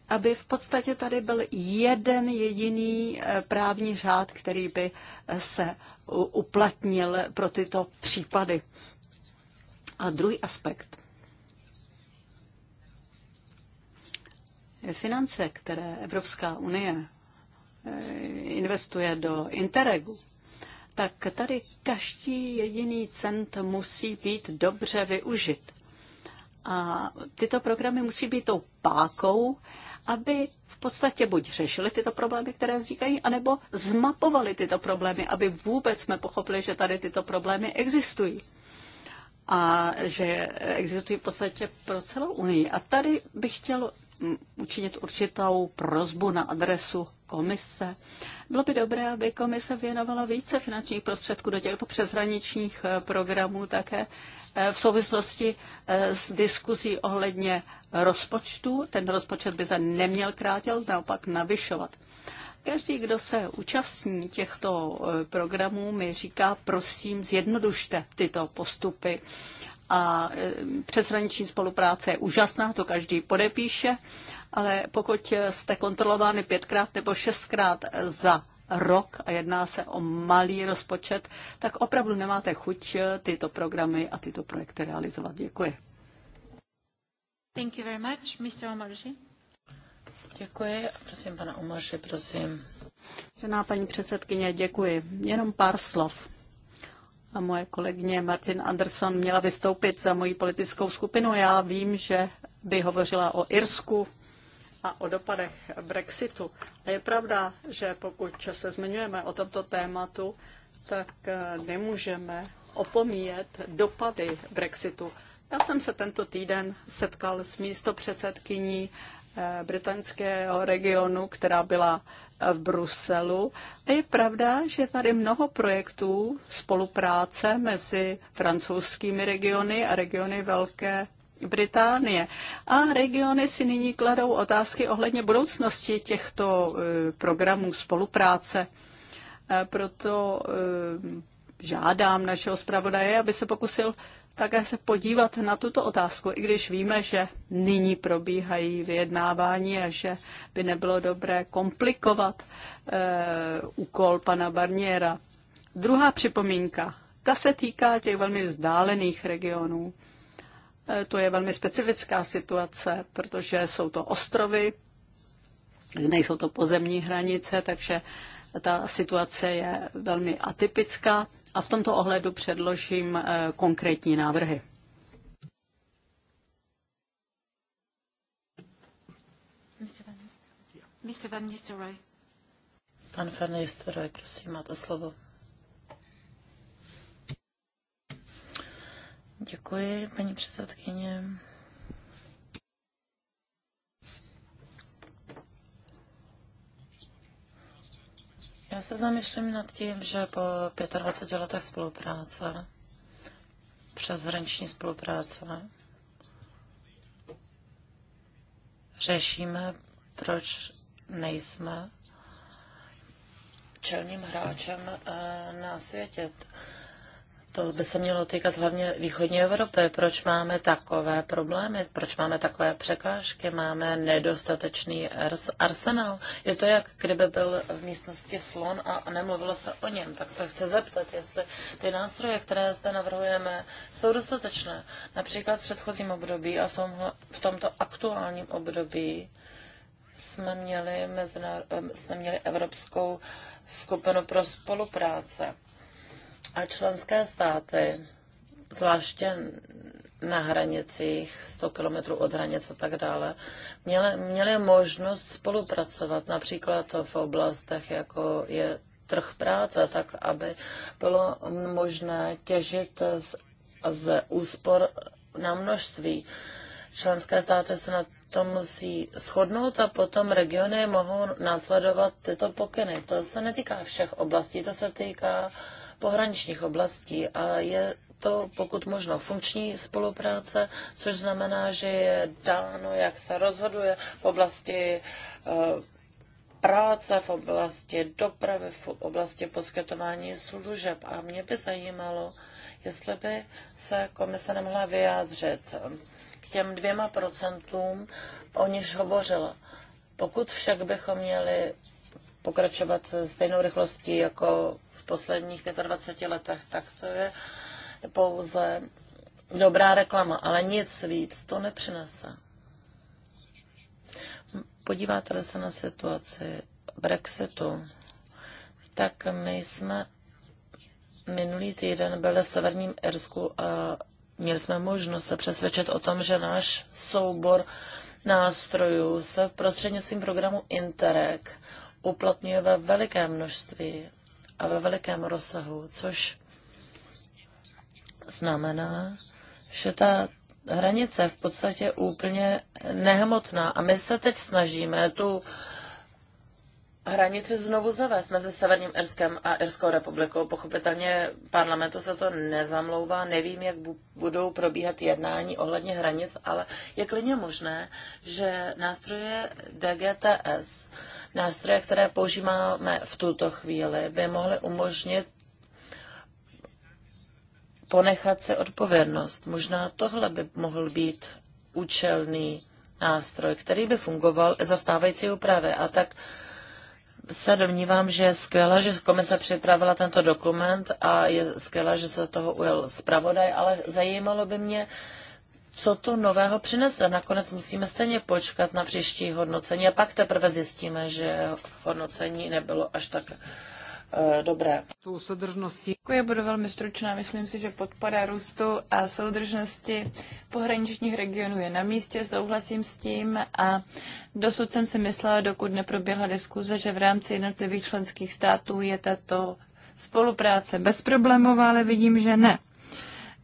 aby v podstatě tady byl jeden jediný eh, právní řád, který by eh, se uplatnil pro tyto případy. A druhý aspekt. Finance, které Evropská unie eh, investuje do Interregu, tak tady každý jediný cent musí být dobře využit. A tyto programy musí být tou pákou, aby v podstatě buď řešili tyto problémy, které vznikají, anebo zmapovali tyto problémy, aby vůbec jsme pochopili, že tady tyto problémy existují a že existují v podstatě pro celou Unii. A tady bych chtěl mm, učinit určitou prozbu na adresu komise. Bylo by dobré, aby komise věnovala více finančních prostředků do těchto přeshraničních eh, programů také, Eh, v souvislosti eh, s diskuzí ohledně rozpočtu. Ten rozpočet by se neměl krátil, naopak navyšovat. Každý, kdo se účastní těchto eh, programů, mi říká, prosím, zjednodušte tyto postupy. A přeshraniční spolupráce je úžasná, to každý podepíše, ale pokud jste kontrolovány pětkrát nebo šestkrát za rok a jedná se o malý rozpočet, tak opravdu nemáte chuť eh, tyto programy a tyto projekty realizovat. Děkuji. Thank you very much, Mr. Omarži. Děkuji a prosím pana Omarži, prosím. Žená paní předsedkyně, děkuji. Jenom pár slov. A moje kolegyně Martin Anderson měla vystoupit za moji politickou skupinu. Já vím, že by hovořila o Irsku, a o dopadech Brexitu. A je pravda, že pokud se zmiňujeme o tomto tématu, tak eh, nemůžeme opomíjet dopady Brexitu. Já jsem se tento týden setkal s místopředsedkyní eh, britanského regionu, která byla eh, v Bruselu. A je pravda, že tady mnoho projektů spolupráce mezi francouzskými regiony a regiony Velké Británie. A regiony si nyní kladou otázky ohledně budoucnosti těchto e, programů spolupráce. E, proto e, žádám našeho zpravodaje, aby se pokusil také se podívat na tuto otázku, i když víme, že nyní probíhají vyjednávání a že by nebylo dobré komplikovat e, úkol pana Barniera. Druhá připomínka, ta se týká těch velmi vzdálených regionů. Eh, to je velmi specifická situace, protože jsou to ostrovy, nejsou to pozemní hranice, takže ta situace je velmi atypická a v tomto ohledu předložím eh, konkrétní návrhy. Pan Van Nistelrooy, prosím, máte slovo. Děkuji, paní předsedkyně. Já se zamýšlím nad tím, že po 25 letech spolupráce, přes přeshraniční spolupráce, řešíme, proč nejsme čelním hráčem eh, na světě to by se mělo týkat hlavně východní Evropy. Proč máme takové problémy? Proč máme takové překážky? Máme nedostatečný arsenál. Je to jak, kdyby byl v místnosti slon a nemluvilo se o něm. Tak se chci zeptat, jestli ty nástroje, které zde navrhujeme, jsou dostatečné. Například v předchozím období a v, tomhle, v tomto aktuálním období jsme měli, jsme měli Evropskou skupinu pro spolupráce a členské státy, zvláště na hranicích, 100 km od hranic a tak dále, měly, měly možnost spolupracovat například v oblastech, jako je trh práce, tak aby bylo možné těžit z, z úspor na množství. Členské státy se na to musí shodnout a potom regiony mohou následovat tyto pokyny. To se netýká všech oblastí, to se týká uh, pohraničních oblastí a je to pokud možno funkční spolupráce, což znamená, že je dáno, jak se rozhoduje v oblasti eh, práce, v oblasti dopravy, v oblasti poskytování služeb. A mě by zajímalo, jestli by se komise nemohla vyjádřit k těm dvěma procentům, o nichž hovořila. Pokud však bychom měli pokračovat stejnou rychlostí jako posledních 25 letech, tak to je pouze dobrá reklama, ale nic víc to nepřinese. podíváte se na situaci Brexitu, tak my jsme minulý týden byli v Severním Irsku a měli jsme možnost se přesvědčit o tom, že náš soubor nástrojů se prostřednictvím programu Interreg uplatňuje ve velikém množství a ve velikém rozsahu, což znamená, že ta hranice v podstatě úplně nehmotná. A my se teď snažíme tu hranici znovu zavést mezi Severním Irskem a Irskou republikou. Pochopitelně parlamentu se to nezamlouvá, nevím, jak budou probíhat jednání ohledně hranic, ale je klidně možné, že nástroje DGTS, nástroje, které používáme v tuto chvíli, by mohly umožnit ponechat si odpovědnost. Možná tohle by mohl být účelný nástroj, který by fungoval za stávající úpravy. A tak se domnívám, že je skvělé, že komise připravila tento dokument a je skvělé, že se toho ujel zpravodaj, ale zajímalo by mě, co to nového přinese. Nakonec musíme stejně počkat na příští hodnocení a pak teprve zjistíme, že hodnocení nebylo až tak Eh, dobré. Tu soudržnosti. Děkuji, budu velmi stručná. Myslím si, že podpora růstu a soudržnosti pohraničních regionů je na místě, souhlasím s tím a dosud jsem si myslela, dokud neproběhla diskuze, že v rámci jednotlivých členských států je tato spolupráce bezproblémová, ale vidím, že ne.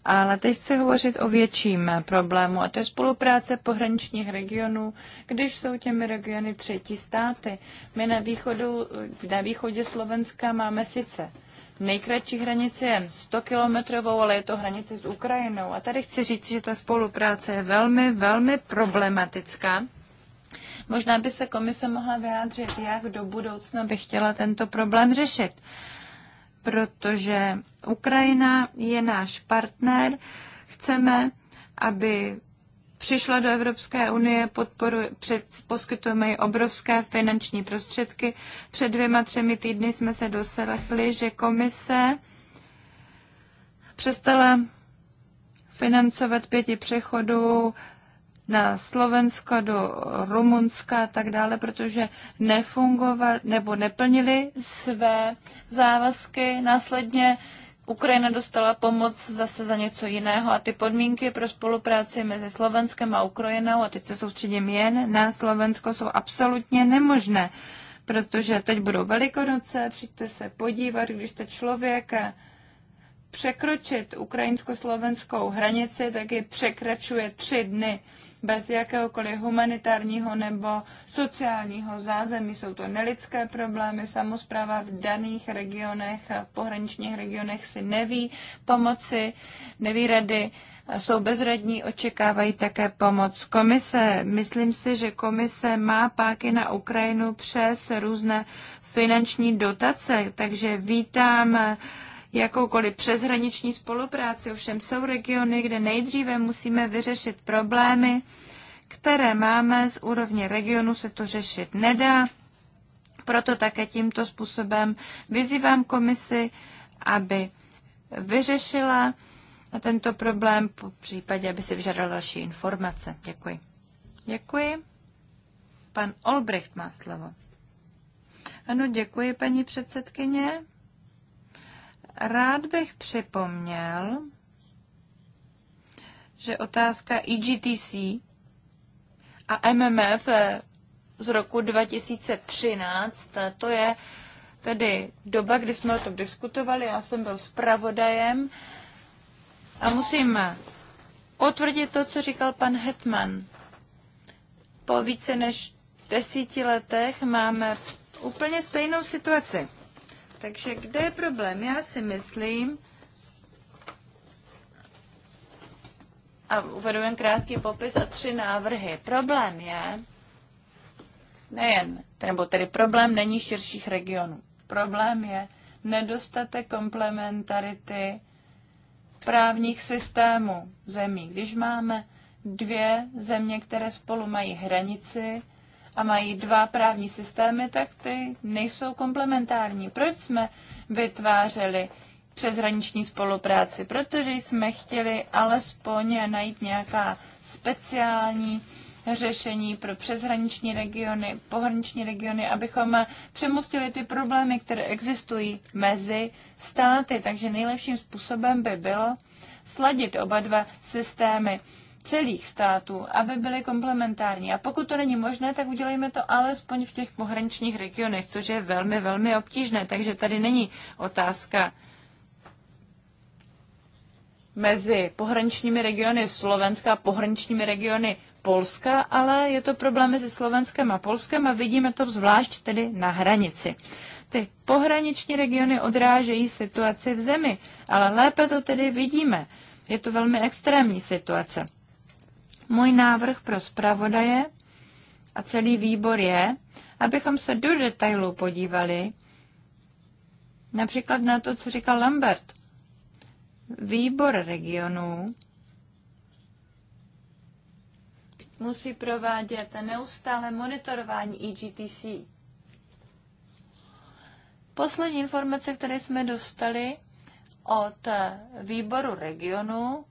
Ale teď chci hovořit o větším problému, a to je spolupráce pohraničních regionů, když jsou těmi regiony třetí státy. My na, východu, na východě Slovenska máme sice nejkratší hranici jen 100 kilometrovou, ale je to hranice s Ukrajinou. A tady chci říct, že ta spolupráce je velmi, velmi problematická. Možná by se komise mohla vyjádřit, jak do budoucna by chtěla tento problém řešit protože Ukrajina je náš partner. Chceme, aby přišla do Evropské unie, podporu, před, poskytujeme jí obrovské finanční prostředky. Před dvěma, třemi týdny jsme se doslechli, že komise přestala financovat pěti přechodů na Slovensko, do Rumunska a tak dále, protože nefungovali nebo neplnili své závazky. Následně Ukrajina dostala pomoc zase za něco jiného a ty podmínky pro spolupráci mezi Slovenskem a Ukrajinou, a teď se soustředím jen na Slovensko, jsou absolutně nemožné, protože teď budou velikonoce, přijďte se podívat, když jste člověk a překročit ukrajinsko-slovenskou hranici, tak ji překračuje tři dny bez jakéhokoliv humanitárního nebo sociálního zázemí. Jsou to nelidské problémy, samozpráva v daných regionech, pohraničních regionech si neví pomoci, neví rady, jsou bezradní, očekávají také pomoc komise. Myslím si, že komise má páky na Ukrajinu přes různé finanční dotace, takže vítám jakoukoliv přeshraniční spolupráci. Ovšem jsou regiony, kde nejdříve musíme vyřešit problémy, které máme z úrovně regionu, se to řešit nedá. Proto také tímto způsobem vyzývám komisi, aby vyřešila tento problém, po případě, aby si vyžadala další informace. Děkuji. Děkuji. Pan Olbrecht má slovo. Ano, děkuji, paní předsedkyně. Rád bych připomněl, že otázka IGTC e a MMF z roku 2013, to je tedy doba, kdy jsme o tom diskutovali, já jsem byl zpravodajem a musím potvrdit to, co říkal pan Hetman. Po více než desíti letech máme úplně stejnou situaci. Takže kde je problém? Já si myslím, a uvedu jen krátký popis a tři návrhy. Problém je, nejen, nebo tedy problém není širších regionů. Problém je nedostatek komplementarity právních systémů zemí. Když máme dvě země, které spolu mají hranici, a mají dva právní systémy, tak ty nejsou komplementární. Proč jsme vytvářeli přeshraniční spolupráci? Protože jsme chtěli alespoň najít nějaká speciální řešení pro přeshraniční regiony, pohraniční regiony, abychom přemostili ty problémy, které existují mezi státy. Takže nejlepším způsobem by bylo sladit oba dva systémy celých států, aby byly komplementární. A pokud to není možné, tak udělejme to alespoň v těch pohraničních regionech, což je velmi, velmi obtížné. Takže tady není otázka mezi pohraničními regiony Slovenska a pohraničními regiony Polska, ale je to problém mezi Slovenskem a Polskem a vidíme to zvlášť tedy na hranici. Ty pohraniční regiony odrážejí situaci v zemi, ale lépe to tedy vidíme. Je to velmi extrémní situace. Můj návrh pro zpravodaje a celý výbor je, abychom se do detailu podívali, například na to, co říkal Lambert. Výbor regionů musí provádět neustále monitorování EGTC. Poslední informace, které jsme dostali od výboru regionu,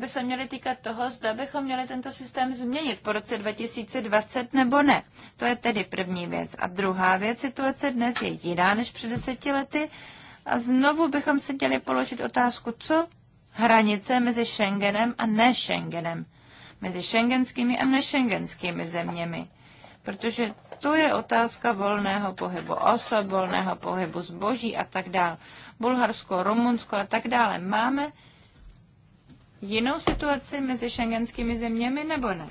by se měly týkat toho, zda bychom měli tento systém změnit po roce 2020 nebo ne. To je tedy první věc. A druhá věc, situace dnes je jiná než před deseti lety a znovu bychom se měli položit otázku, co hranice mezi Schengenem a ne-Schengenem, mezi šengenskými a nešengenskými zeměmi. Protože to je otázka volného pohybu osob, volného pohybu zboží a tak dále. Bulharsko, Rumunsko a tak dále. Máme jinou situaci mezi šengenskými zeměmi nebo ne?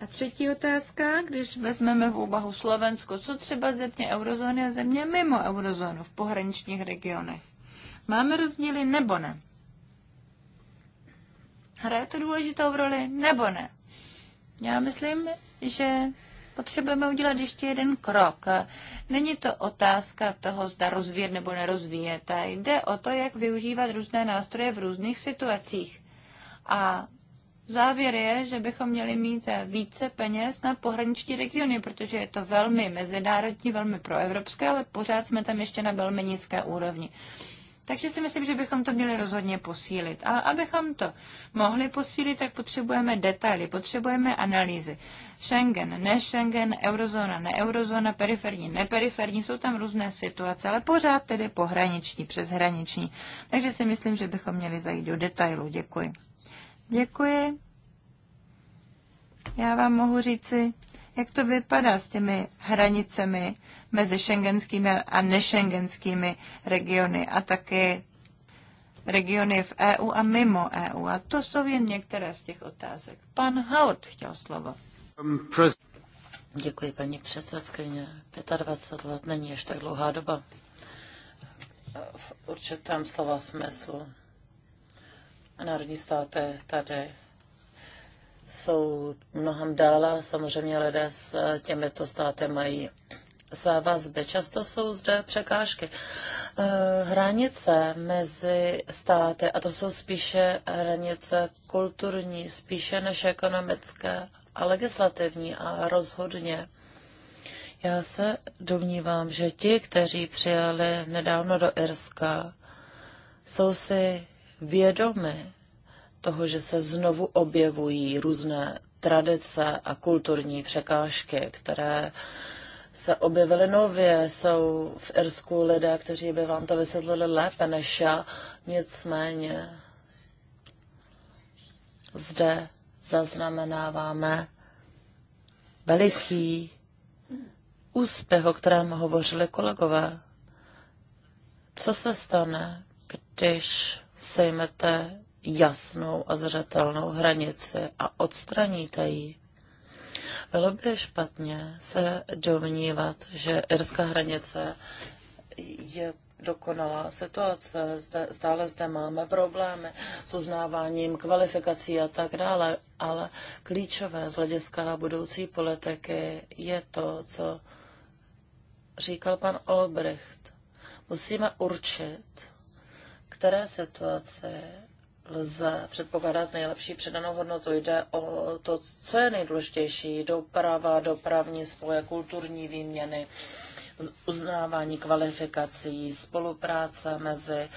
A třetí otázka, když vezmeme v úvahu Slovensko, co třeba země eurozóny a země mimo eurozónu v pohraničních regionech? Máme rozdíly nebo ne? Hraje to důležitou roli nebo ne? Já myslím, že potřebujeme udělat ještě jeden krok. Není to otázka toho, zda rozvíjet nebo nerozvíjet. A jde o to, jak využívat různé nástroje v různých situacích. A závěr je, že bychom měli mít více peněz na pohraniční regiony, protože je to velmi mezinárodní, velmi proevropské, ale pořád jsme tam ještě na velmi nízké úrovni. Takže si myslím, že bychom to měli rozhodně posílit. Ale abychom to mohli posílit, tak potřebujeme detaily, potřebujeme analýzy. Schengen, ne Schengen, eurozóna, ne eurozóna, periferní, neperiferní, jsou tam různé situace, ale pořád tedy pohraniční, přeshraniční. Takže si myslím, že bychom měli zajít do detailu. Děkuji. Děkuji. Já vám mohu říci, jak to vypadá s těmi hranicemi mezi šengenskými a nešengenskými regiony a taky regiony v EU a mimo EU. A to jsou jen některé z těch otázek. Pan Haut chtěl slovo. Um, Děkuji, paní předsedkyně. 25 let není ještě tak dlouhá doba. V určitém slova smyslu národní státy tady jsou mnohem dále. Samozřejmě lidé s těmito státy mají závazby. Často jsou zde překážky. Eh, hranice mezi státy, a to jsou spíše hranice kulturní, spíše než ekonomické a legislativní a rozhodně. Já se domnívám, že ti, kteří přijali nedávno do Irska, jsou si vědomi toho, že se znovu objevují různé tradice a kulturní překážky, které se objevily nově. Jsou v Irsku lidé, kteří by vám to vysvětlili lépe než já. Nicméně zde zaznamenáváme veliký úspěch, o kterém hovořili kolegové. Co se stane, když sejmete jasnou a zřetelnou hranici a odstraníte ji. Bylo by špatně se domnívat, že irská hranice je dokonalá situace. Zde, stále zde máme problémy s uznáváním kvalifikací a tak dále, ale klíčové z hlediska budoucí politiky je to, co říkal pan Olbricht. Musíme určit, které situace lze předpokládat nejlepší přidanou hodnotu. Jde o to, co je nejdůležitější, doprava, dopravní spoje, kulturní výměny, uznávání kvalifikací, spolupráce mezi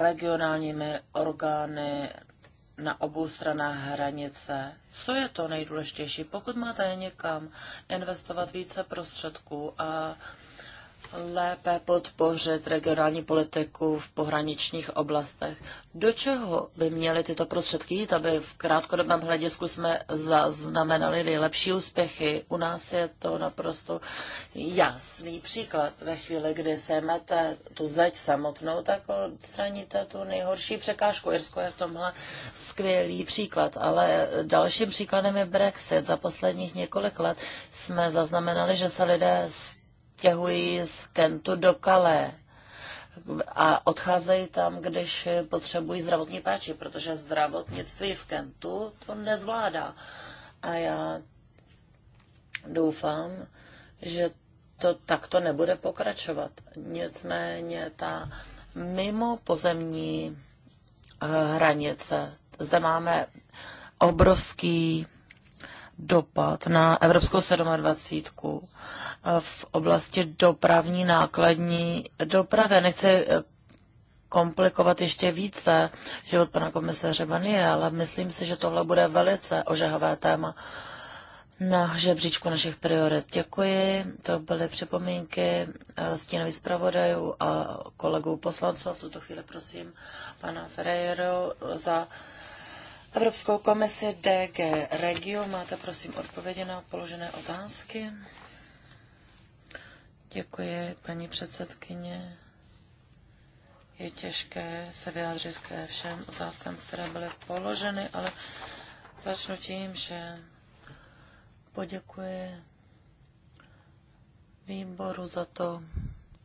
regionálními orgány na obou stranách hranice. Co je to nejdůležitější? Pokud máte někam investovat více prostředků a lépe podpořit regionální politiku v pohraničních oblastech. Do čeho by měly tyto prostředky jít, aby v krátkodobém hledisku jsme zaznamenali nejlepší úspěchy? U nás je to naprosto jasný příklad. Ve chvíli, kdy semete tu zeď samotnou, tak odstraníte tu nejhorší překážku. Irsko je v tomhle skvělý příklad, ale dalším příkladem je Brexit. Za posledních několik let jsme zaznamenali, že se lidé odstěhují z Kentu do Kalé a odcházejí tam, když potřebují zdravotní péči, protože zdravotnictví v Kentu to nezvládá. A já doufám, že to takto nebude pokračovat. Nicméně ta mimo pozemní eh, hranice, zde máme obrovský dopad na Evropskou 27 eh, v oblasti dopravní nákladní dopravy. Nechci eh, komplikovat ještě více život pana komisaře Banie, ale myslím si, že tohle bude velice ožehavé téma na žebříčku našich priorit. Děkuji, to byly připomínky eh, stínových zpravodajů a kolegů poslanců. V tuto chvíli prosím pana Ferreiro za Evropskou komisi DG Regio. Máte prosím odpovědi na položené otázky? Děkuji, paní předsedkyně. Je těžké se vyjádřit ke všem otázkám, které byly položeny, ale začnu tím, že poděkuji výboru za to,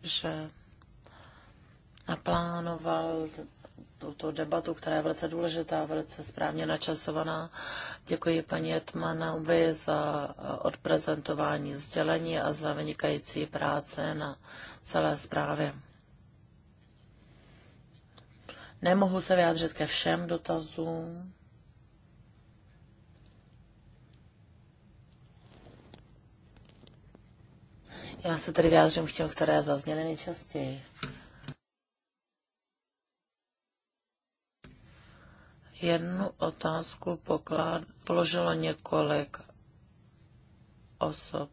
že naplánoval tuto debatu, která je velice důležitá, velice správně načasovaná. Děkuji paní Etmanovi za eh, odprezentování sdělení a za vynikající práce na celé zprávě. Nemohu se vyjádřit ke všem dotazům. Já se tedy vyjádřím k těm, které zazněly nejčastěji. Jednu otázku poklád, položilo několik osob.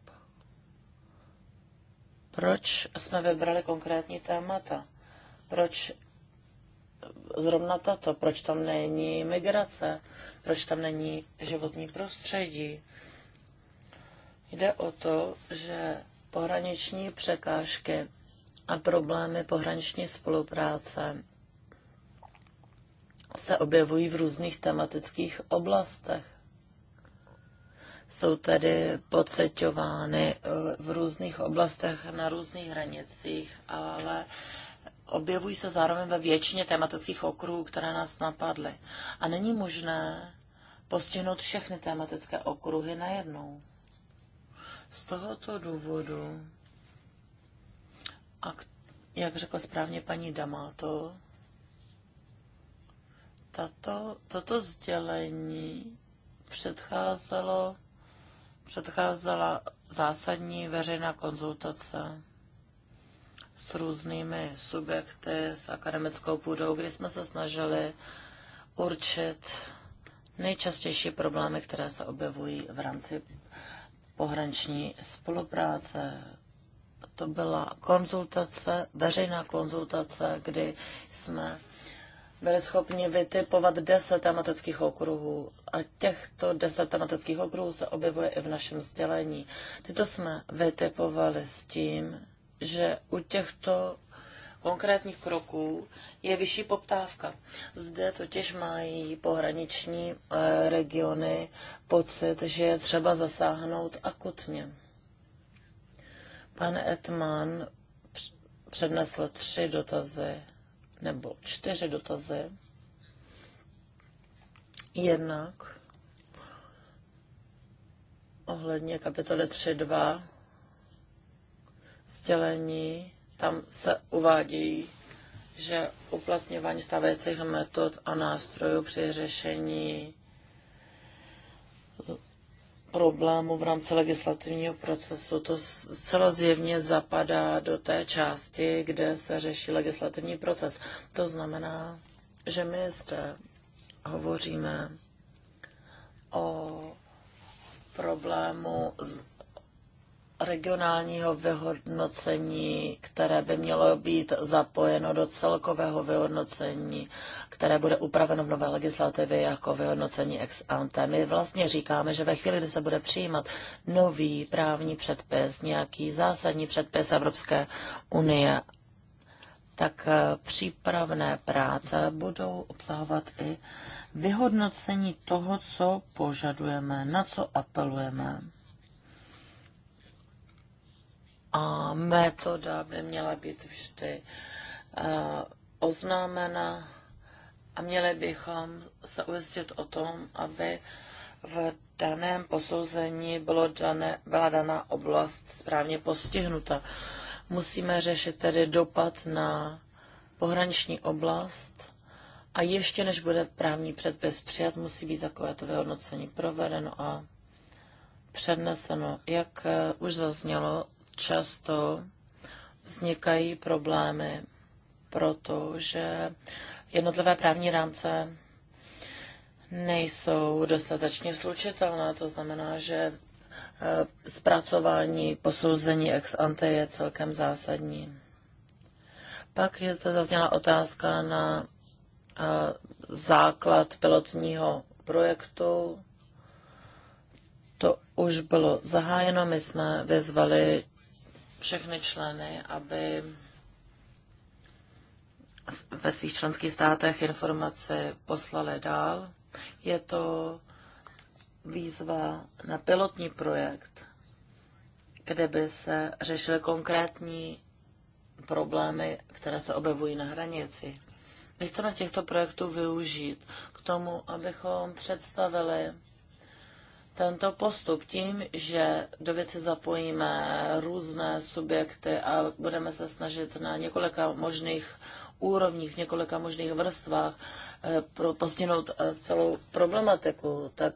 Proč jsme vybrali konkrétní témata? Proč zrovna tato? Proč tam není migrace? Proč tam není životní prostředí? Jde o to, že pohraniční překážky a problémy pohraniční spolupráce se objevují v různých tematických oblastech. Jsou tedy pocetovány eh, v různých oblastech na různých hranicích, ale objevují se zároveň ve většině tematických okruhů, které nás napadly. A není možné postihnout všechny tematické okruhy najednou. Z tohoto důvodu, a jak řekla správně paní Damato, tato, toto sdělení předcházelo, předcházela zásadní veřejná konzultace s různými subjekty, s akademickou půdou, kdy jsme se snažili určit nejčastější problémy, které se objevují v rámci pohraniční spolupráce. To byla konzultace, veřejná konzultace, kdy jsme byli schopni vytipovat deset tematických okruhů a těchto deset tematických okruhů se objevuje i v našem sdělení. Tyto jsme vytipovali s tím, že u těchto konkrétních kroků je vyšší poptávka. Zde totiž mají pohraniční eh, regiony pocit, že je třeba zasáhnout akutně. Pan Etman přednesl tři dotazy nebo čtyři dotazy. Jednak ohledně kapitoly 3.2 sdělení, tam se uvádí, že uplatňování stávajících metod a nástrojů při řešení Problému v rámci legislativního procesu. To zcela zjevně zapadá do té části, kde se řeší legislativní proces. To znamená, že my zde hovoříme o problému regionálního vyhodnocení, které by mělo být zapojeno do celkového vyhodnocení, které bude upraveno v nové legislativě jako vyhodnocení ex ante. My vlastně říkáme, že ve chvíli, kdy se bude přijímat nový právní předpis, nějaký zásadní předpis Evropské unie, tak eh, přípravné práce budou obsahovat i vyhodnocení toho, co požadujeme, na co apelujeme a metoda by měla být vždy eh, oznámena a měli bychom se ujistit o tom, aby v daném posouzení bylo dané, byla daná oblast správně postihnuta. Musíme řešit tedy dopad na pohraniční oblast a ještě než bude právní předpis přijat, musí být takovéto vyhodnocení provedeno a předneseno. Jak eh, už zaznělo, často vznikají problémy, protože jednotlivé právní rámce nejsou dostatečně slučitelné. To znamená, že e, zpracování posouzení ex ante je celkem zásadní. Pak je zde zazněla otázka na e, základ pilotního projektu. To už bylo zahájeno, my jsme vyzvali všechny členy, aby ve svých členských státech informace poslali dál. Je to výzva na pilotní projekt, kde by se řešily konkrétní problémy, které se objevují na hranici. My chceme těchto projektů využít k tomu, abychom představili tento postup tím, že do věci zapojíme různé subjekty a budeme se snažit na několika možných úrovních, v několika možných vrstvách eh, postihnout eh, celou problematiku, tak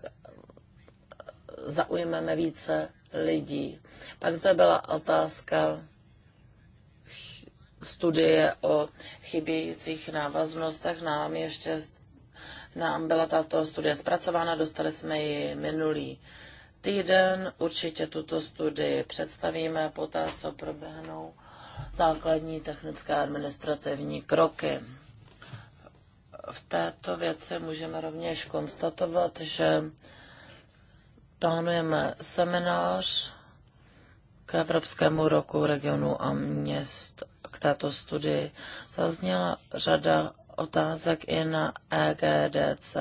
zaujmeme více lidí. Pak zde byla otázka studie o chybějících návaznostech. Nám ještě nám byla tato studie zpracována, dostali jsme ji minulý týden. Určitě tuto studii představíme, poté co proběhnou základní technické administrativní kroky. V této věci můžeme rovněž konstatovat, že plánujeme seminář k Evropskému roku regionu a měst. K této studii zazněla řada otázek i na EGDC,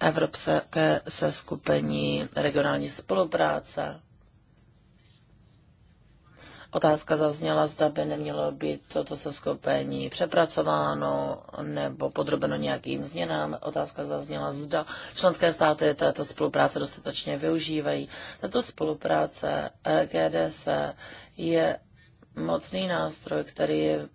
Evropské seskupení regionální spolupráce. Otázka zazněla, zda by nemělo být toto seskupení přepracováno nebo podrobeno nějakým změnám. Otázka zazněla, zda členské státy této spolupráce dostatečně využívají. Tato spolupráce EGDS je mocný nástroj, který je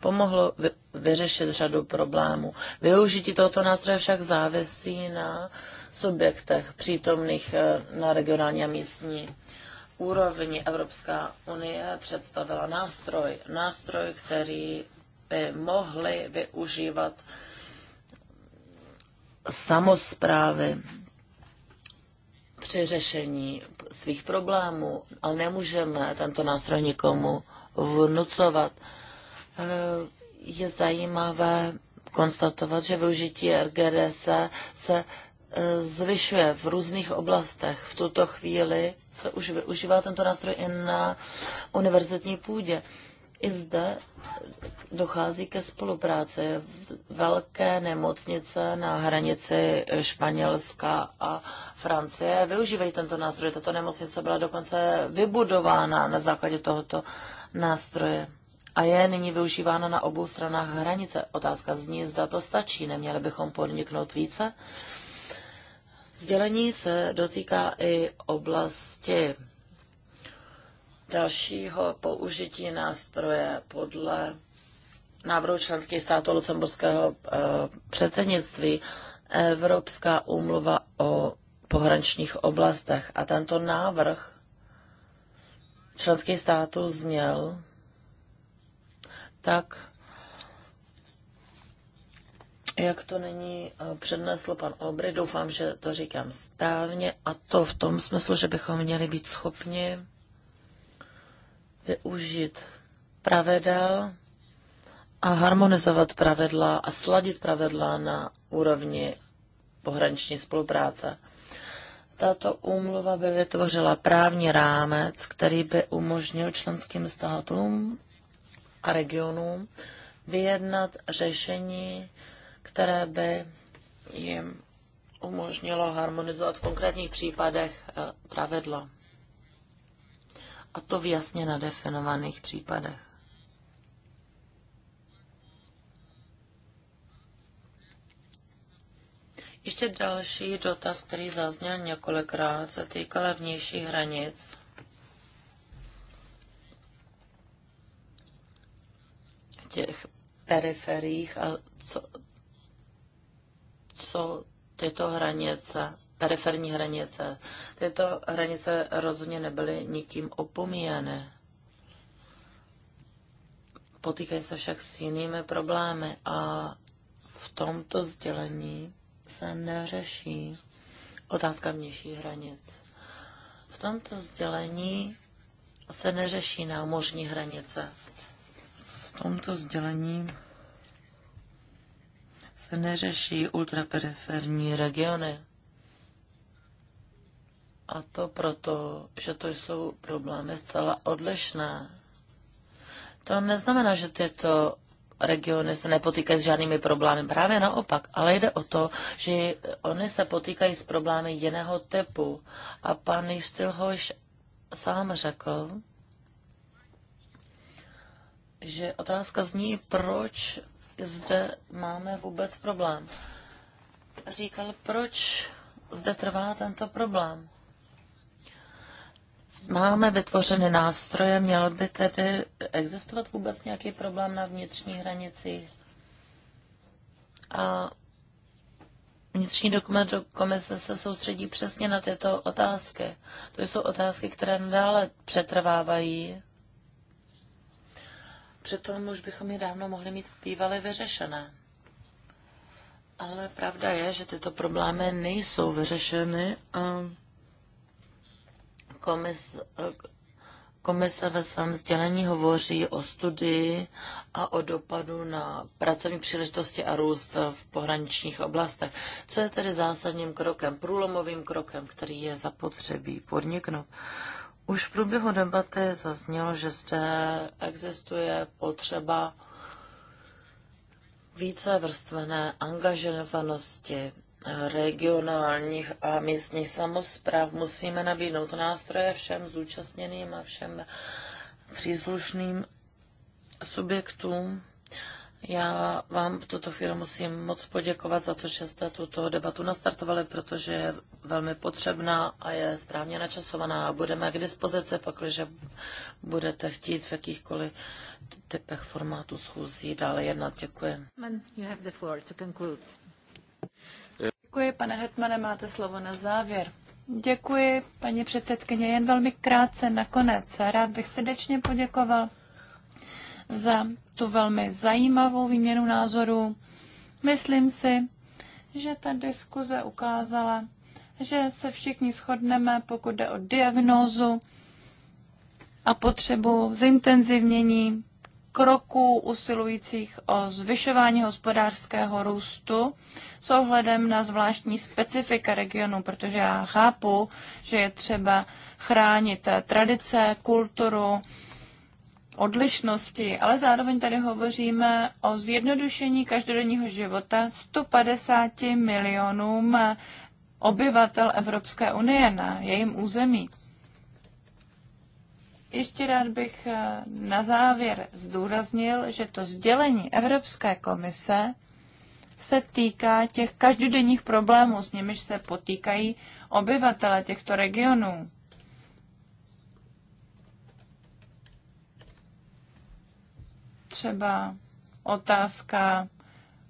pomohlo vyřešit řadu problémů. Využití tohoto nástroje však závisí na subjektech přítomných eh, na regionální a místní úrovni. Evropská unie představila nástroj, nástroj, který by mohly využívat samozprávy při řešení svých problémů, ale nemůžeme tento nástroj nikomu vnucovat je zajímavé konstatovat, že využití RGDS se e, zvyšuje v různých oblastech. V tuto chvíli se už využívá tento nástroj i na univerzitní půdě. I zde dochází ke spolupráci. Velké nemocnice na hranici Španělska a Francie využívají tento nástroj. Tato nemocnice byla dokonce vybudována na základě tohoto nástroje a je nyní využívána na obou stranách hranice. Otázka zní, zda to stačí, neměli bychom podniknout více. Sdělení se dotýká i oblasti dalšího použití nástroje podle návrhu členských států lucemburského eh, předsednictví Evropská úmluva o pohraničních oblastech. A tento návrh členských států zněl, tak, jak to nyní eh, přednesl pan Obry, doufám, že to říkám správně, a to v tom smyslu, že bychom měli být schopni využít pravidel a harmonizovat pravidla a sladit pravidla na úrovni pohraniční spolupráce. Tato úmluva by vytvořila právní rámec, který by umožnil členským státům a regionům vyjednat řešení, které by jim umožnilo harmonizovat v konkrétních případech eh, pravidla. A to v jasně nadefinovaných případech. Ještě další dotaz, který zazněl několikrát, se týkal vnějších hranic. těch periferiích a co, co tyto hranice, periferní hranice. Tyto hranice rozhodně nebyly nikým opomíjeny. Potýkají se však s jinými problémy a v tomto sdělení se neřeší otázka vnějších hranic. V tomto sdělení se neřeší námořní hranice tomto sdělení se neřeší ultraperiferní regiony. A to proto, že to jsou problémy zcela odlišné. To neznamená, že tyto regiony se nepotýkají s žádnými problémy, právě naopak, ale jde o to, že oni se potýkají s problémy jiného typu. A pan Jistilhoš sám řekl, že otázka zní, proč zde máme vůbec problém. Říkal, proč zde trvá tento problém. Máme vytvořeny nástroje, měl by tedy existovat vůbec nějaký problém na vnitřní hranici? A vnitřní dokument do komise se soustředí přesně na tyto otázky. To jsou otázky, které nadále přetrvávají Přitom už bychom je dávno mohli mít bývaly vyřešené. Ale pravda je, že tyto problémy nejsou vyřešeny a komise ve svém sdělení hovoří o studii a o dopadu na pracovní příležitosti a růst v pohraničních oblastech. Co je tedy zásadním krokem, průlomovým krokem, který je zapotřebí podniknout? Už v průběhu debaty zaznělo, že zde existuje potřeba více vrstvené angažovanosti regionálních a místních samozpráv. Musíme nabídnout nástroje všem zúčastněným a všem příslušným subjektům, já vám v tuto chvíli musím moc poděkovat za to, že jste tuto debatu nastartovali, protože je velmi potřebná a je správně načasovaná a budeme k dispozici, pakliže budete chtít v jakýchkoliv typech formátu schůzí dále jednat. Děkuji. Děkuji, pane Hetmane, máte slovo na závěr. Děkuji, paní předsedkyně, jen velmi krátce nakonec. Rád bych srdečně poděkoval za tu velmi zajímavou výměnu názorů. Myslím si, že ta diskuze ukázala, že se všichni shodneme, pokud jde o diagnózu a potřebu zintenzivnění kroků usilujících o zvyšování hospodářského růstu s ohledem na zvláštní specifika regionu, protože já chápu, že je třeba chránit tradice, kulturu, odlišnosti, ale zároveň tady hovoříme o zjednodušení každodenního života 150 milionům obyvatel Evropské unie na jejím území. Ještě rád bych eh, na závěr zdůraznil, že to sdělení Evropské komise se týká těch každodenních problémů, s nimiž se potýkají obyvatele těchto regionů. třeba otázka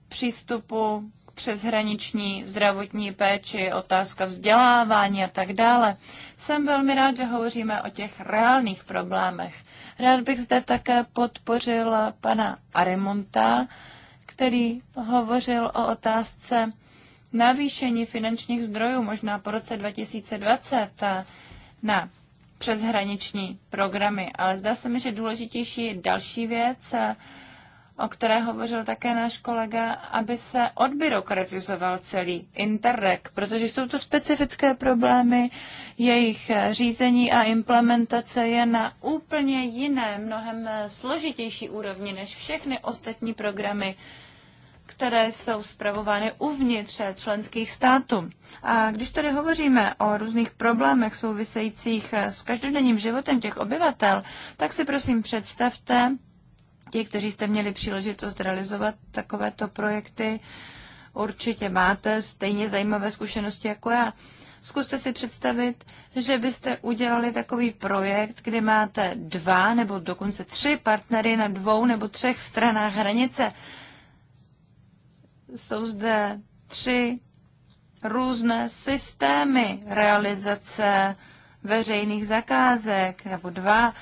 přístupu k přeshraniční zdravotní péči, otázka vzdělávání a tak dále. Jsem velmi rád, že hovoříme o těch reálných problémech. Rád bych zde také podpořil pana Arimonta, který hovořil o otázce navýšení finančních zdrojů možná po roce 2020 na přeshraniční programy. Ale zdá se mi, že důležitější je další věc, o které hovořil také náš kolega, aby se odbyrokratizoval celý Interreg, protože jsou to specifické problémy, jejich řízení a implementace je na úplně jiné, mnohem složitější úrovni než všechny ostatní programy, které jsou zpravovány uvnitř členských států. A když tady hovoříme o různých problémech souvisejících s každodenním životem těch obyvatel, tak si prosím představte, ti, kteří jste měli příležitost realizovat takovéto projekty, určitě máte stejně zajímavé zkušenosti jako já. Zkuste si představit, že byste udělali takový projekt, kdy máte dva nebo dokonce tři partnery na dvou nebo třech stranách hranice. Jsou zde tři různé systémy realizace veřejných zakázek, nebo dva,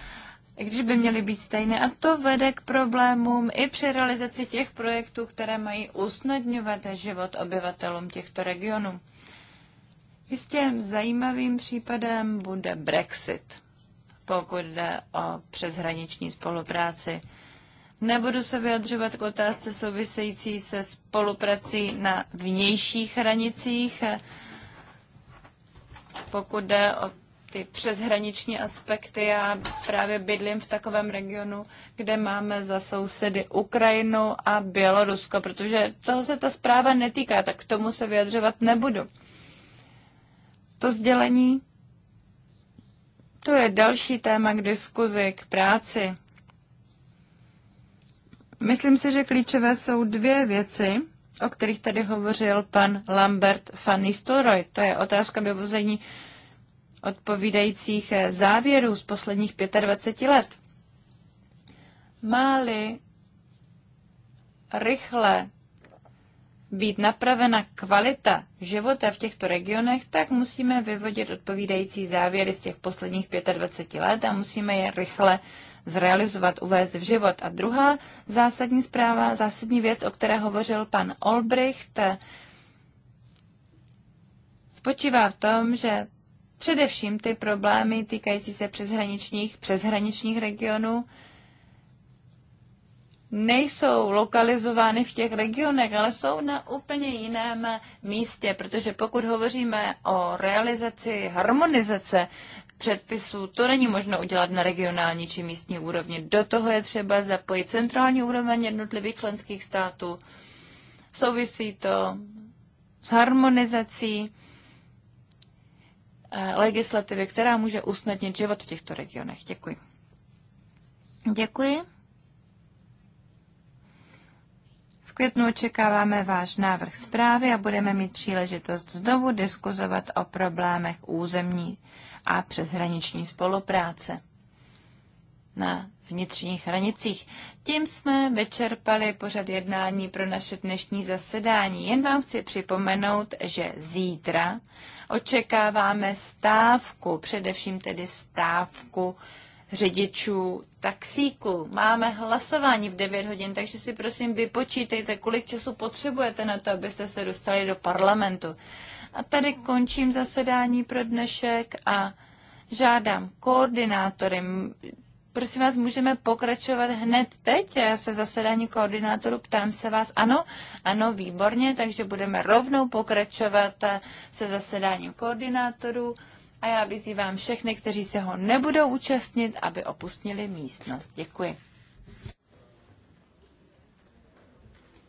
i když by měly být stejné. A to vede k problémům i při realizaci těch projektů, které mají usnadňovat život obyvatelům těchto regionů. Jistě zajímavým případem bude Brexit, pokud jde o přeshraniční spolupráci. Nebudu se vyjadřovat k otázce související se spoluprací na vnějších hranicích, pokud jde o ty přeshraniční aspekty. Já právě bydlím v takovém regionu, kde máme za sousedy Ukrajinu a Bělorusko, protože toho se ta zpráva netýká, tak k tomu se vyjadřovat nebudu. To sdělení, to je další téma k diskuzi, k práci. Myslím si, že klíčové jsou dvě věci, o kterých tady hovořil pan Lambert van Nistelrooy. To je otázka vyvození odpovídajících závěrů z posledních 25 let. Máli rychle být napravena kvalita života v těchto regionech, tak musíme vyvodit odpovídající závěry z těch posledních 25 let a musíme je rychle uh, zrealizovat, uvést v život. A druhá zásadní zpráva, zásadní věc, o které hovořil pan Olbricht, spočívá v tom, že především ty problémy týkající se přeshraničních, přeshraničních regionů nejsou lokalizovány v těch regionech, ale jsou na úplně jiném místě, protože pokud hovoříme o realizaci harmonizace předpisů. To není možno udělat na regionální či místní úrovni. Do toho je třeba zapojit centrální úroveň jednotlivých členských států. Souvisí to s harmonizací eh, legislativy, která může usnadnit život v těchto regionech. Děkuji. Děkuji. V květnu očekáváme váš návrh zprávy a budeme mít příležitost znovu diskuzovat o problémech územní a přeshraniční spolupráce na vnitřních hranicích. Tím jsme vyčerpali pořad jednání pro naše dnešní zasedání. Jen vám chci připomenout, že zítra očekáváme stávku, především tedy stávku řidičů taxíku. Máme hlasování v 9 hodin, takže si prosím vypočítejte, kolik času potřebujete na to, abyste se dostali do parlamentu. A tady končím zasedání pro dnešek a žádám koordinátory. Prosím vás, můžeme pokračovat hned teď Já se zasedání koordinátorů. Ptám se vás, ano, ano, výborně, takže budeme rovnou pokračovat se zasedáním koordinátorů. A já vyzývám všechny, kteří se ho nebudou účastnit, aby opustili místnost. Děkuji.